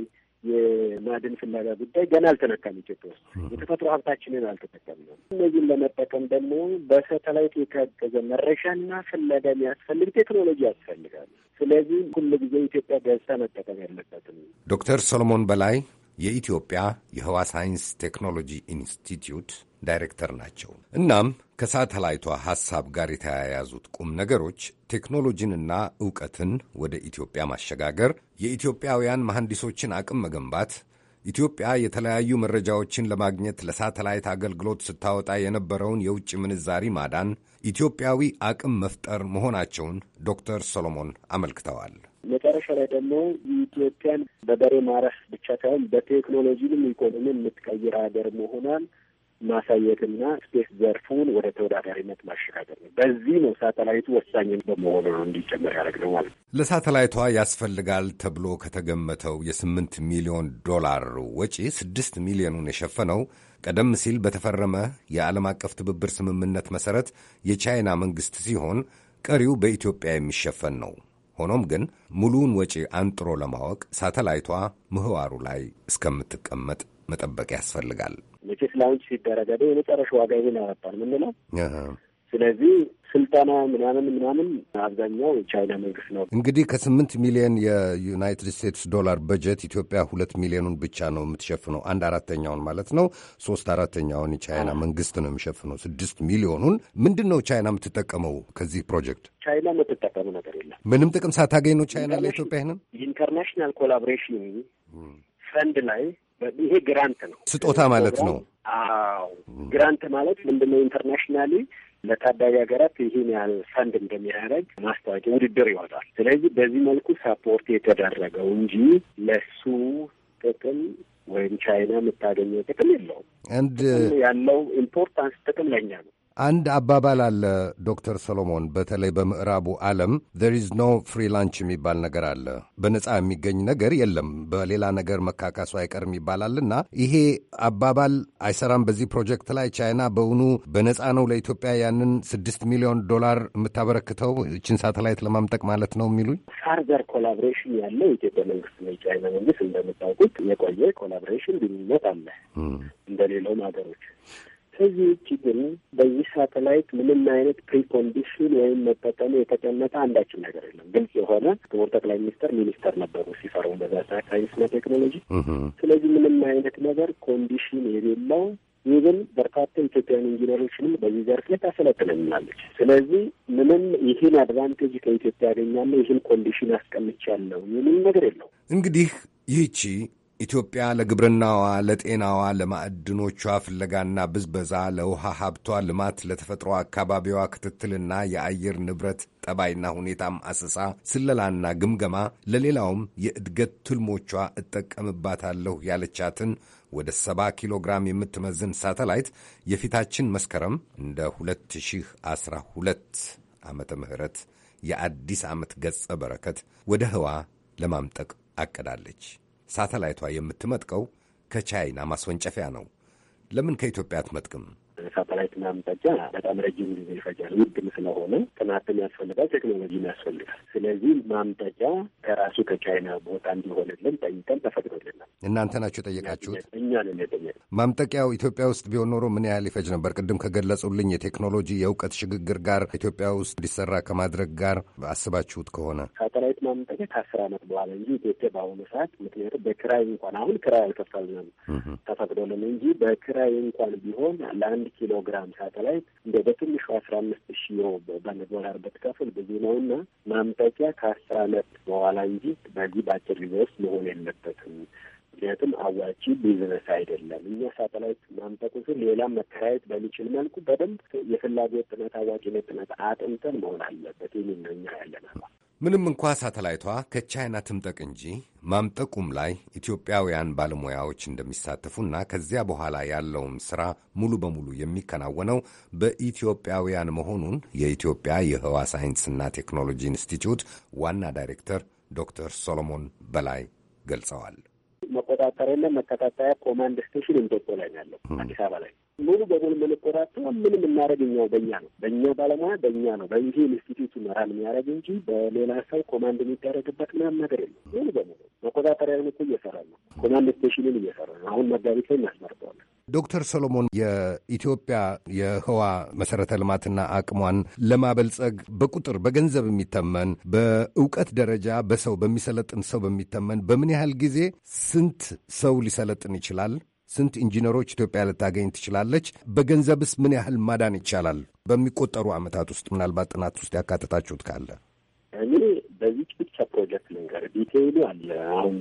የማዕድን ፍለጋ ጉዳይ ገና አልተነካም። ኢትዮጵያ ውስጥ የተፈጥሮ ሀብታችንን አልተጠቀምንም። እነዚህን ለመጠቀም ደግሞ በሳተላይት የታገዘ መረሻና ፍለጋ የሚያስፈልግ ቴክኖሎጂ ያስፈልጋል። ስለዚህ ሁሉ ጊዜ ኢትዮጵያ ገዝታ መጠቀም ያለበትም ዶክተር ሰሎሞን በላይ የኢትዮጵያ የህዋ ሳይንስ ቴክኖሎጂ ኢንስቲትዩት ዳይሬክተር ናቸው። እናም ከሳተላይቷ ሐሳብ ጋር የተያያዙት ቁም ነገሮች ቴክኖሎጂንና ዕውቀትን ወደ ኢትዮጵያ ማሸጋገር፣ የኢትዮጵያውያን መሐንዲሶችን አቅም መገንባት፣ ኢትዮጵያ የተለያዩ መረጃዎችን ለማግኘት ለሳተላይት አገልግሎት ስታወጣ የነበረውን የውጭ ምንዛሪ ማዳን፣ ኢትዮጵያዊ አቅም መፍጠር መሆናቸውን ዶክተር ሰሎሞን አመልክተዋል። መጨረሻ ላይ ደግሞ ኢትዮጵያን በበሬ ማረፍ ብቻ ሳይሆን በቴክኖሎጂንም ኢኮኖሚ የምትቀይር ሀገር መሆኗን ማሳየትና ስፔስ ዘርፉን ወደ ተወዳዳሪነት ማሸጋገር ነው። በዚህ ነው ሳተላይቱ ወሳኝ በመሆኑ ነው እንዲጨመር ያደረግነው ማለት ነው። ለሳተላይቷ ያስፈልጋል ተብሎ ከተገመተው የስምንት ሚሊዮን ዶላር ወጪ ስድስት ሚሊዮኑን የሸፈነው ቀደም ሲል በተፈረመ የዓለም አቀፍ ትብብር ስምምነት መሰረት የቻይና መንግስት ሲሆን ቀሪው በኢትዮጵያ የሚሸፈን ነው። ሆኖም ግን ሙሉውን ወጪ አንጥሮ ለማወቅ ሳተላይቷ ምህዋሩ ላይ እስከምትቀመጥ መጠበቅ ያስፈልጋል። መቼስ ላውንች ሲደረገ የመጨረሻ ዋጋ ይሄ ነው ያረባል ምንለው ስለዚህ ስልጠና ምናምን ምናምን አብዛኛው የቻይና መንግስት ነው። እንግዲህ ከስምንት ሚሊዮን የዩናይትድ ስቴትስ ዶላር በጀት ኢትዮጵያ ሁለት ሚሊዮኑን ብቻ ነው የምትሸፍነው። አንድ አራተኛውን ማለት ነው። ሶስት አራተኛውን የቻይና መንግስት ነው የሚሸፍነው። ስድስት ሚሊዮኑን ምንድን ነው ቻይና የምትጠቀመው ከዚህ ፕሮጀክት? ቻይና የምትጠቀመው ነገር የለም። ምንም ጥቅም ሳታገኝ ነው ቻይና ለኢትዮጵያ ይህንን ኢንተርናሽናል ኮላቦሬሽን ፈንድ ላይ ይሄ ግራንት ነው፣ ስጦታ ማለት ነው። አዎ ግራንት ማለት ምንድነው? ኢንተርናሽናሊ ለታዳጊ ሀገራት ይህን ያህል ፈንድ እንደሚያደርግ ማስታወቂያ ውድድር ይወጣል። ስለዚህ በዚህ መልኩ ሰፖርት የተደረገው እንጂ ለሱ ጥቅም ወይም ቻይና የምታገኘው ጥቅም የለውም። uh, ያለው ኢምፖርታንስ ጥቅም ለኛ ነው። አንድ አባባል አለ ዶክተር ሰሎሞን፣ በተለይ በምዕራቡ ዓለም ዘር ኢዝ ኖ ፍሪ ላንች የሚባል ነገር አለ። በነፃ የሚገኝ ነገር የለም፣ በሌላ ነገር መካካሱ አይቀርም ይባላልና ይሄ አባባል አይሰራም። በዚህ ፕሮጀክት ላይ ቻይና በውኑ በነፃ ነው ለኢትዮጵያ ያንን ስድስት ሚሊዮን ዶላር የምታበረክተው እችን ሳተላይት ለማምጠቅ ማለት ነው የሚሉኝ። ፋርዘር ኮላቦሬሽን ያለው የኢትዮጵያ መንግስት ነው። የቻይና መንግስት እንደምታውቁት የቆየ ኮላቦሬሽን ግንኙነት አለ እንደሌለውም ሀገሮች ከዚህ ውጭ ግን በዚህ ሳተላይት ምንም አይነት ፕሪኮንዲሽን ወይም መጠቀም የተቀመጠ አንዳችን ነገር የለም። ግልጽ የሆነ ክቡር ጠቅላይ ሚኒስተር ሚኒስተር ነበሩ ሲፈርሙ በዛ ሳይንስና ቴክኖሎጂ። ስለዚህ ምንም አይነት ነገር ኮንዲሽን የሌለው ይህን በርካታ ኢትዮጵያን ኢንጂነሮችንም በዚህ ዘርፍ ላይ ታሰለጥንናለች። ስለዚህ ምንም ይህን አድቫንቴጅ ከኢትዮጵያ ያገኛለ ይህን ኮንዲሽን አስቀምቻለሁ የሚል ነገር የለው። እንግዲህ ይህቺ ኢትዮጵያ ለግብርናዋ፣ ለጤናዋ፣ ለማዕድኖቿ ፍለጋና ብዝበዛ፣ ለውሃ ሀብቷ ልማት፣ ለተፈጥሮ አካባቢዋ ክትትልና የአየር ንብረት ጠባይና ሁኔታም አሰሳ፣ ስለላና ግምገማ፣ ለሌላውም የእድገት ትልሞቿ እጠቀምባታለሁ ያለቻትን ወደ 70 ኪሎ ግራም የምትመዝን ሳተላይት የፊታችን መስከረም እንደ 2012 ዓመተ ምህረት የአዲስ ዓመት ገጸ በረከት ወደ ህዋ ለማምጠቅ አቅዳለች። ሳተላይቷ የምትመጥቀው ከቻይና ማስወንጨፊያ ነው። ለምን ከኢትዮጵያ አትመጥቅም? ሳተላይት በላይ ጠጃ በጣም ረጅም ጊዜ ይፈጃል። ውድም ስለሆነ ጥናትም ያስፈልጋል፣ ቴክኖሎጂም ያስፈልጋል። ስለዚህ ማምጠጃ ከራሱ ከቻይና ቦታ እንዲሆንልን ጠይቀን ተፈቅዶልናል። እናንተ ናችሁ የጠየቃችሁት? እኛ ነን የጠየቅነው። ማምጠቂያው ኢትዮጵያ ውስጥ ቢሆን ኖሮ ምን ያህል ይፈጅ ነበር? ቅድም ከገለጹልኝ የቴክኖሎጂ የእውቀት ሽግግር ጋር ኢትዮጵያ ውስጥ እንዲሰራ ከማድረግ ጋር አስባችሁት ከሆነ ሳተላይት ማምጠቂያ ከአስር ዓመት በኋላ እንጂ ኢትዮጵያ በአሁኑ ሰዓት ምክንያቱም በክራይ እንኳን አሁን ክራይ አልከፈልንም ተፈቅዶልን እንጂ በክራይ እንኳን ቢሆን ለአንድ ኪሎ ግራም ሳተላይት እንደ በትንሹ አስራ አምስት ሺ ዩሮ በዶላር ብትከፍል ብዙ ነው እና ማምጠቂያ ከአስር አመት በኋላ እንጂ በዚህ በአጭር ጊዜ ውስጥ መሆን የለበትም። ምክንያቱም አዋጪ ቢዝነስ አይደለም። እኛ ሳተላይት ማምጠቁ ስል ሌላም መከራየት በሚችል መልኩ በደንብ የፍላጎት ጥናት አዋጭነት ጥናት አጥንተን መሆን አለበት። የሚነኛ ነው ያለን ምንም እንኳ ሳተላይቷ ከቻይና ትምጠቅ እንጂ ማምጠቁም ላይ ኢትዮጵያውያን ባለሙያዎች እንደሚሳተፉና ከዚያ በኋላ ያለውም ሥራ ሙሉ በሙሉ የሚከናወነው በኢትዮጵያውያን መሆኑን የኢትዮጵያ የህዋ ሳይንስና ቴክኖሎጂ ኢንስቲትዩት ዋና ዳይሬክተር ዶክተር ሶሎሞን በላይ ገልጸዋል። መቆጣጠሪያና መከታተያ ኮማንድ ስቴሽን እንጦጦ ላይ ያለው አዲስ አበባ ላይ ሙሉ በሙሉ የምንቆጣጠረው ምንም እናደርግኛው በእኛ ነው፣ በእኛ ባለሙያ በእኛ ነው፣ በእንጂ ኢንስቲትዩት መራል የሚያደርግ እንጂ በሌላ ሰው ኮማንድ የሚደረግበት ምናምን ነገር የለም። ሙሉ በሙሉ መቆጣጠሪያውን እኮ እየሰራ ነው። ኮማንድ ስቴሽንን እየሰራ ነው። አሁን መጋቢት ላይ እናስመርጠዋለን። ዶክተር ሰሎሞን የኢትዮጵያ የህዋ መሰረተ ልማትና አቅሟን ለማበልጸግ በቁጥር በገንዘብ የሚተመን በእውቀት ደረጃ በሰው በሚሰለጥን ሰው በሚተመን በምን ያህል ጊዜ ስንት ሰው ሊሰለጥን ይችላል? ስንት ኢንጂነሮች ኢትዮጵያ ልታገኝ ትችላለች? በገንዘብስ ምን ያህል ማዳን ይቻላል? በሚቆጠሩ ዓመታት ውስጥ ምናልባት ጥናት ውስጥ ያካተታችሁት ካለ እኔ በዚች ብቻ ፕሮጀክት ልንገር፣ ዲቴይሉ አለ አሁን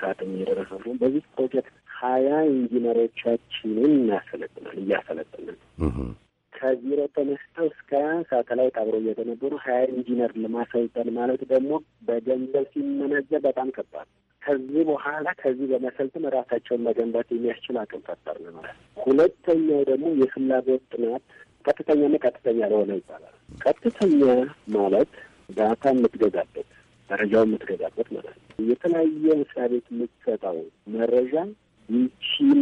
ሰዓትም የደረሰ ሲሆን በዚህ ፕሮጀክት ሀያ ኢንጂነሮቻችንን እናሰለጥናል እያሰለጥናል ከዜሮ ተነስተው እስከ ሳተላይት አብረው እየተነበሩ ሀያ ኢንጂነር ለማሰልጠን ማለት ደግሞ በገንዘብ ሲመነዘብ በጣም ከባድ። ከዚህ በኋላ ከዚህ በመሰልጠን ራሳቸውን መገንባት የሚያስችል አቅም ፈጠር ማለት። ሁለተኛው ደግሞ የፍላጎት ጥናት ቀጥተኛና ቀጥተኛ ለሆነ ይባላል። ቀጥተኛ ማለት ዳታ የምትገዛበት መረጃውን የምትገዛበት ማለት ነው። የተለያየ መስሪያ ቤት የምትሰጠው መረጃ ይቺን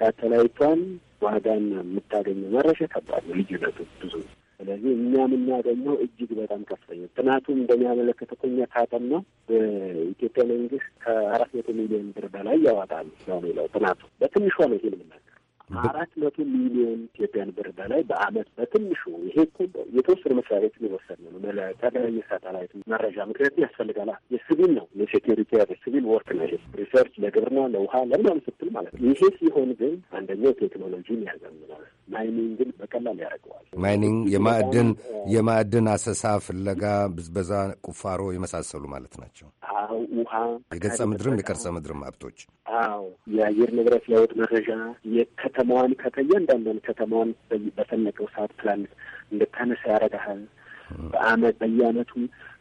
ሳተላይቷን ዋጋን የምታገኘው መረሻ ከባድ ነው። ልዩነቱ ብዙ ነው። ስለዚህ እኛ የምናገኘው እጅግ በጣም ከፍተኛ ጥናቱ እንደሚያመለክተው እኛ ካጠም ነው በኢትዮጵያ መንግስት ከአራት መቶ ሚሊዮን ብር በላይ ያዋጣሉ ነው የሚለው ጥናቱ። በትንሿ ነው ይሄ የምናገ አራት መቶ ሚሊዮን ኢትዮጵያን ብር በላይ በአመት በትንሹ ይሄ የተወሰኑ መስሪያ ቤት የወሰድን ነው። ለተለያየ ሳተላይት መረጃ ምክንያቱ ያስፈልጋል። የሲቪል ነው የሴኪሪቲ የሲቪል ወርክ ነው ይሄ ሪሰርች ለግብርና ለውሃ ለምናምን ስትል ማለት ነው። ይሄ ሲሆን ግን አንደኛው ቴክኖሎጂን ያዘምናል። ማይኒንግን በቀላል ያደርገዋል። ማይኒንግ የማዕድን የማዕድን አሰሳ፣ ፍለጋ፣ ብዝበዛ፣ ቁፋሮ የመሳሰሉ ማለት ናቸው። አዎ ውሃ፣ የገጸ ምድርም የከርሰ ምድርም ሀብቶች፣ አዎ የአየር ንብረት ለውጥ መረጃ የከተ ከተማዋን ከእያንዳንዷን ከተማዋን በፈለቀው ሰዓት ፕላን እንድታነሳ ያደርግሃል። በአመት በየአመቱ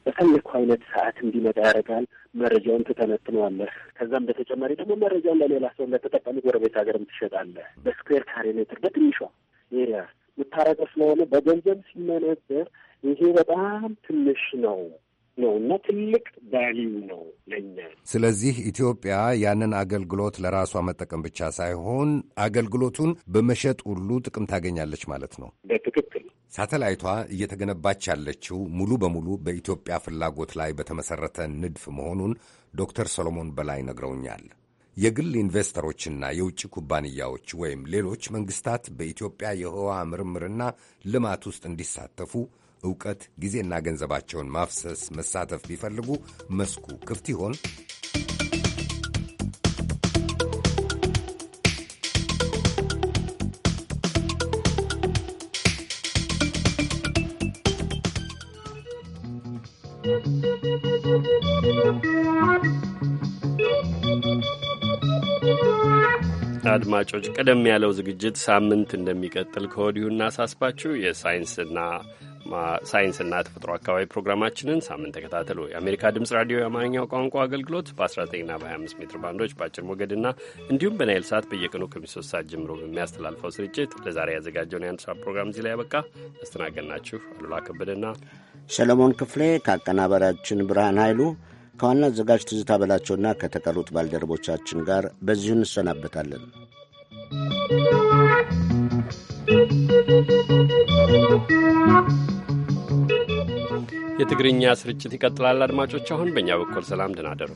በፈለግኩ አይነት ሰዓት እንዲመጣ ያደርጋል። መረጃውን ትተነትነዋለህ። ከዛም በተጨማሪ ደግሞ መረጃውን ለሌላ ሰው ለተጠቃሚ ጎረቤት ሀገርም ትሸጣለህ። በስኩዌር ካሬ ሜትር በትንሿ ኤሪያ የምታረቀው ስለሆነ በገንዘብ ሲመነዘር ይሄ በጣም ትንሽ ነው። ነው እና ትልቅ ቫሊዩ ነው ለእኛ። ስለዚህ ኢትዮጵያ ያንን አገልግሎት ለራሷ መጠቀም ብቻ ሳይሆን አገልግሎቱን በመሸጥ ሁሉ ጥቅም ታገኛለች ማለት ነው። በትክክል ሳተላይቷ እየተገነባች ያለችው ሙሉ በሙሉ በኢትዮጵያ ፍላጎት ላይ በተመሰረተ ንድፍ መሆኑን ዶክተር ሰሎሞን በላይ ነግረውኛል። የግል ኢንቨስተሮችና የውጭ ኩባንያዎች ወይም ሌሎች መንግስታት በኢትዮጵያ የህዋ ምርምርና ልማት ውስጥ እንዲሳተፉ እውቀት፣ ጊዜና ገንዘባቸውን ማፍሰስ መሳተፍ ቢፈልጉ መስኩ ክፍት ይሆን? አድማጮች ቀደም ያለው ዝግጅት ሳምንት እንደሚቀጥል ከወዲሁ እናሳስባችሁ። የሳይንስና ሳይንስና ተፈጥሮ አካባቢ ፕሮግራማችንን ሳምንት ተከታተሉ። የአሜሪካ ድምፅ ራዲዮ የአማርኛው ቋንቋ አገልግሎት በ19ና በ25 ሜትር ባንዶች በአጭር ሞገድና እንዲሁም በናይል ሰዓት በየቀኑ ከሚሶስት ሰዓት ጀምሮ በሚያስተላልፈው ስርጭት ለዛሬ ያዘጋጀውን የአንድ ሰዓት ፕሮግራም እዚህ ላይ ያበቃ። ያስተናገድ ናችሁ አሉላ ከበደና ሰለሞን ክፍሌ ከአቀናባሪያችን ብርሃን ኃይሉ ከዋና አዘጋጅ ትዝታ በላቸውና ከተቀሩት ባልደረቦቻችን ጋር በዚሁ እንሰናበታለን። Thank you. የትግርኛ ስርጭት ይቀጥላል። አድማጮች አሁን በእኛ በኩል ሰላም ደህና ደሩ።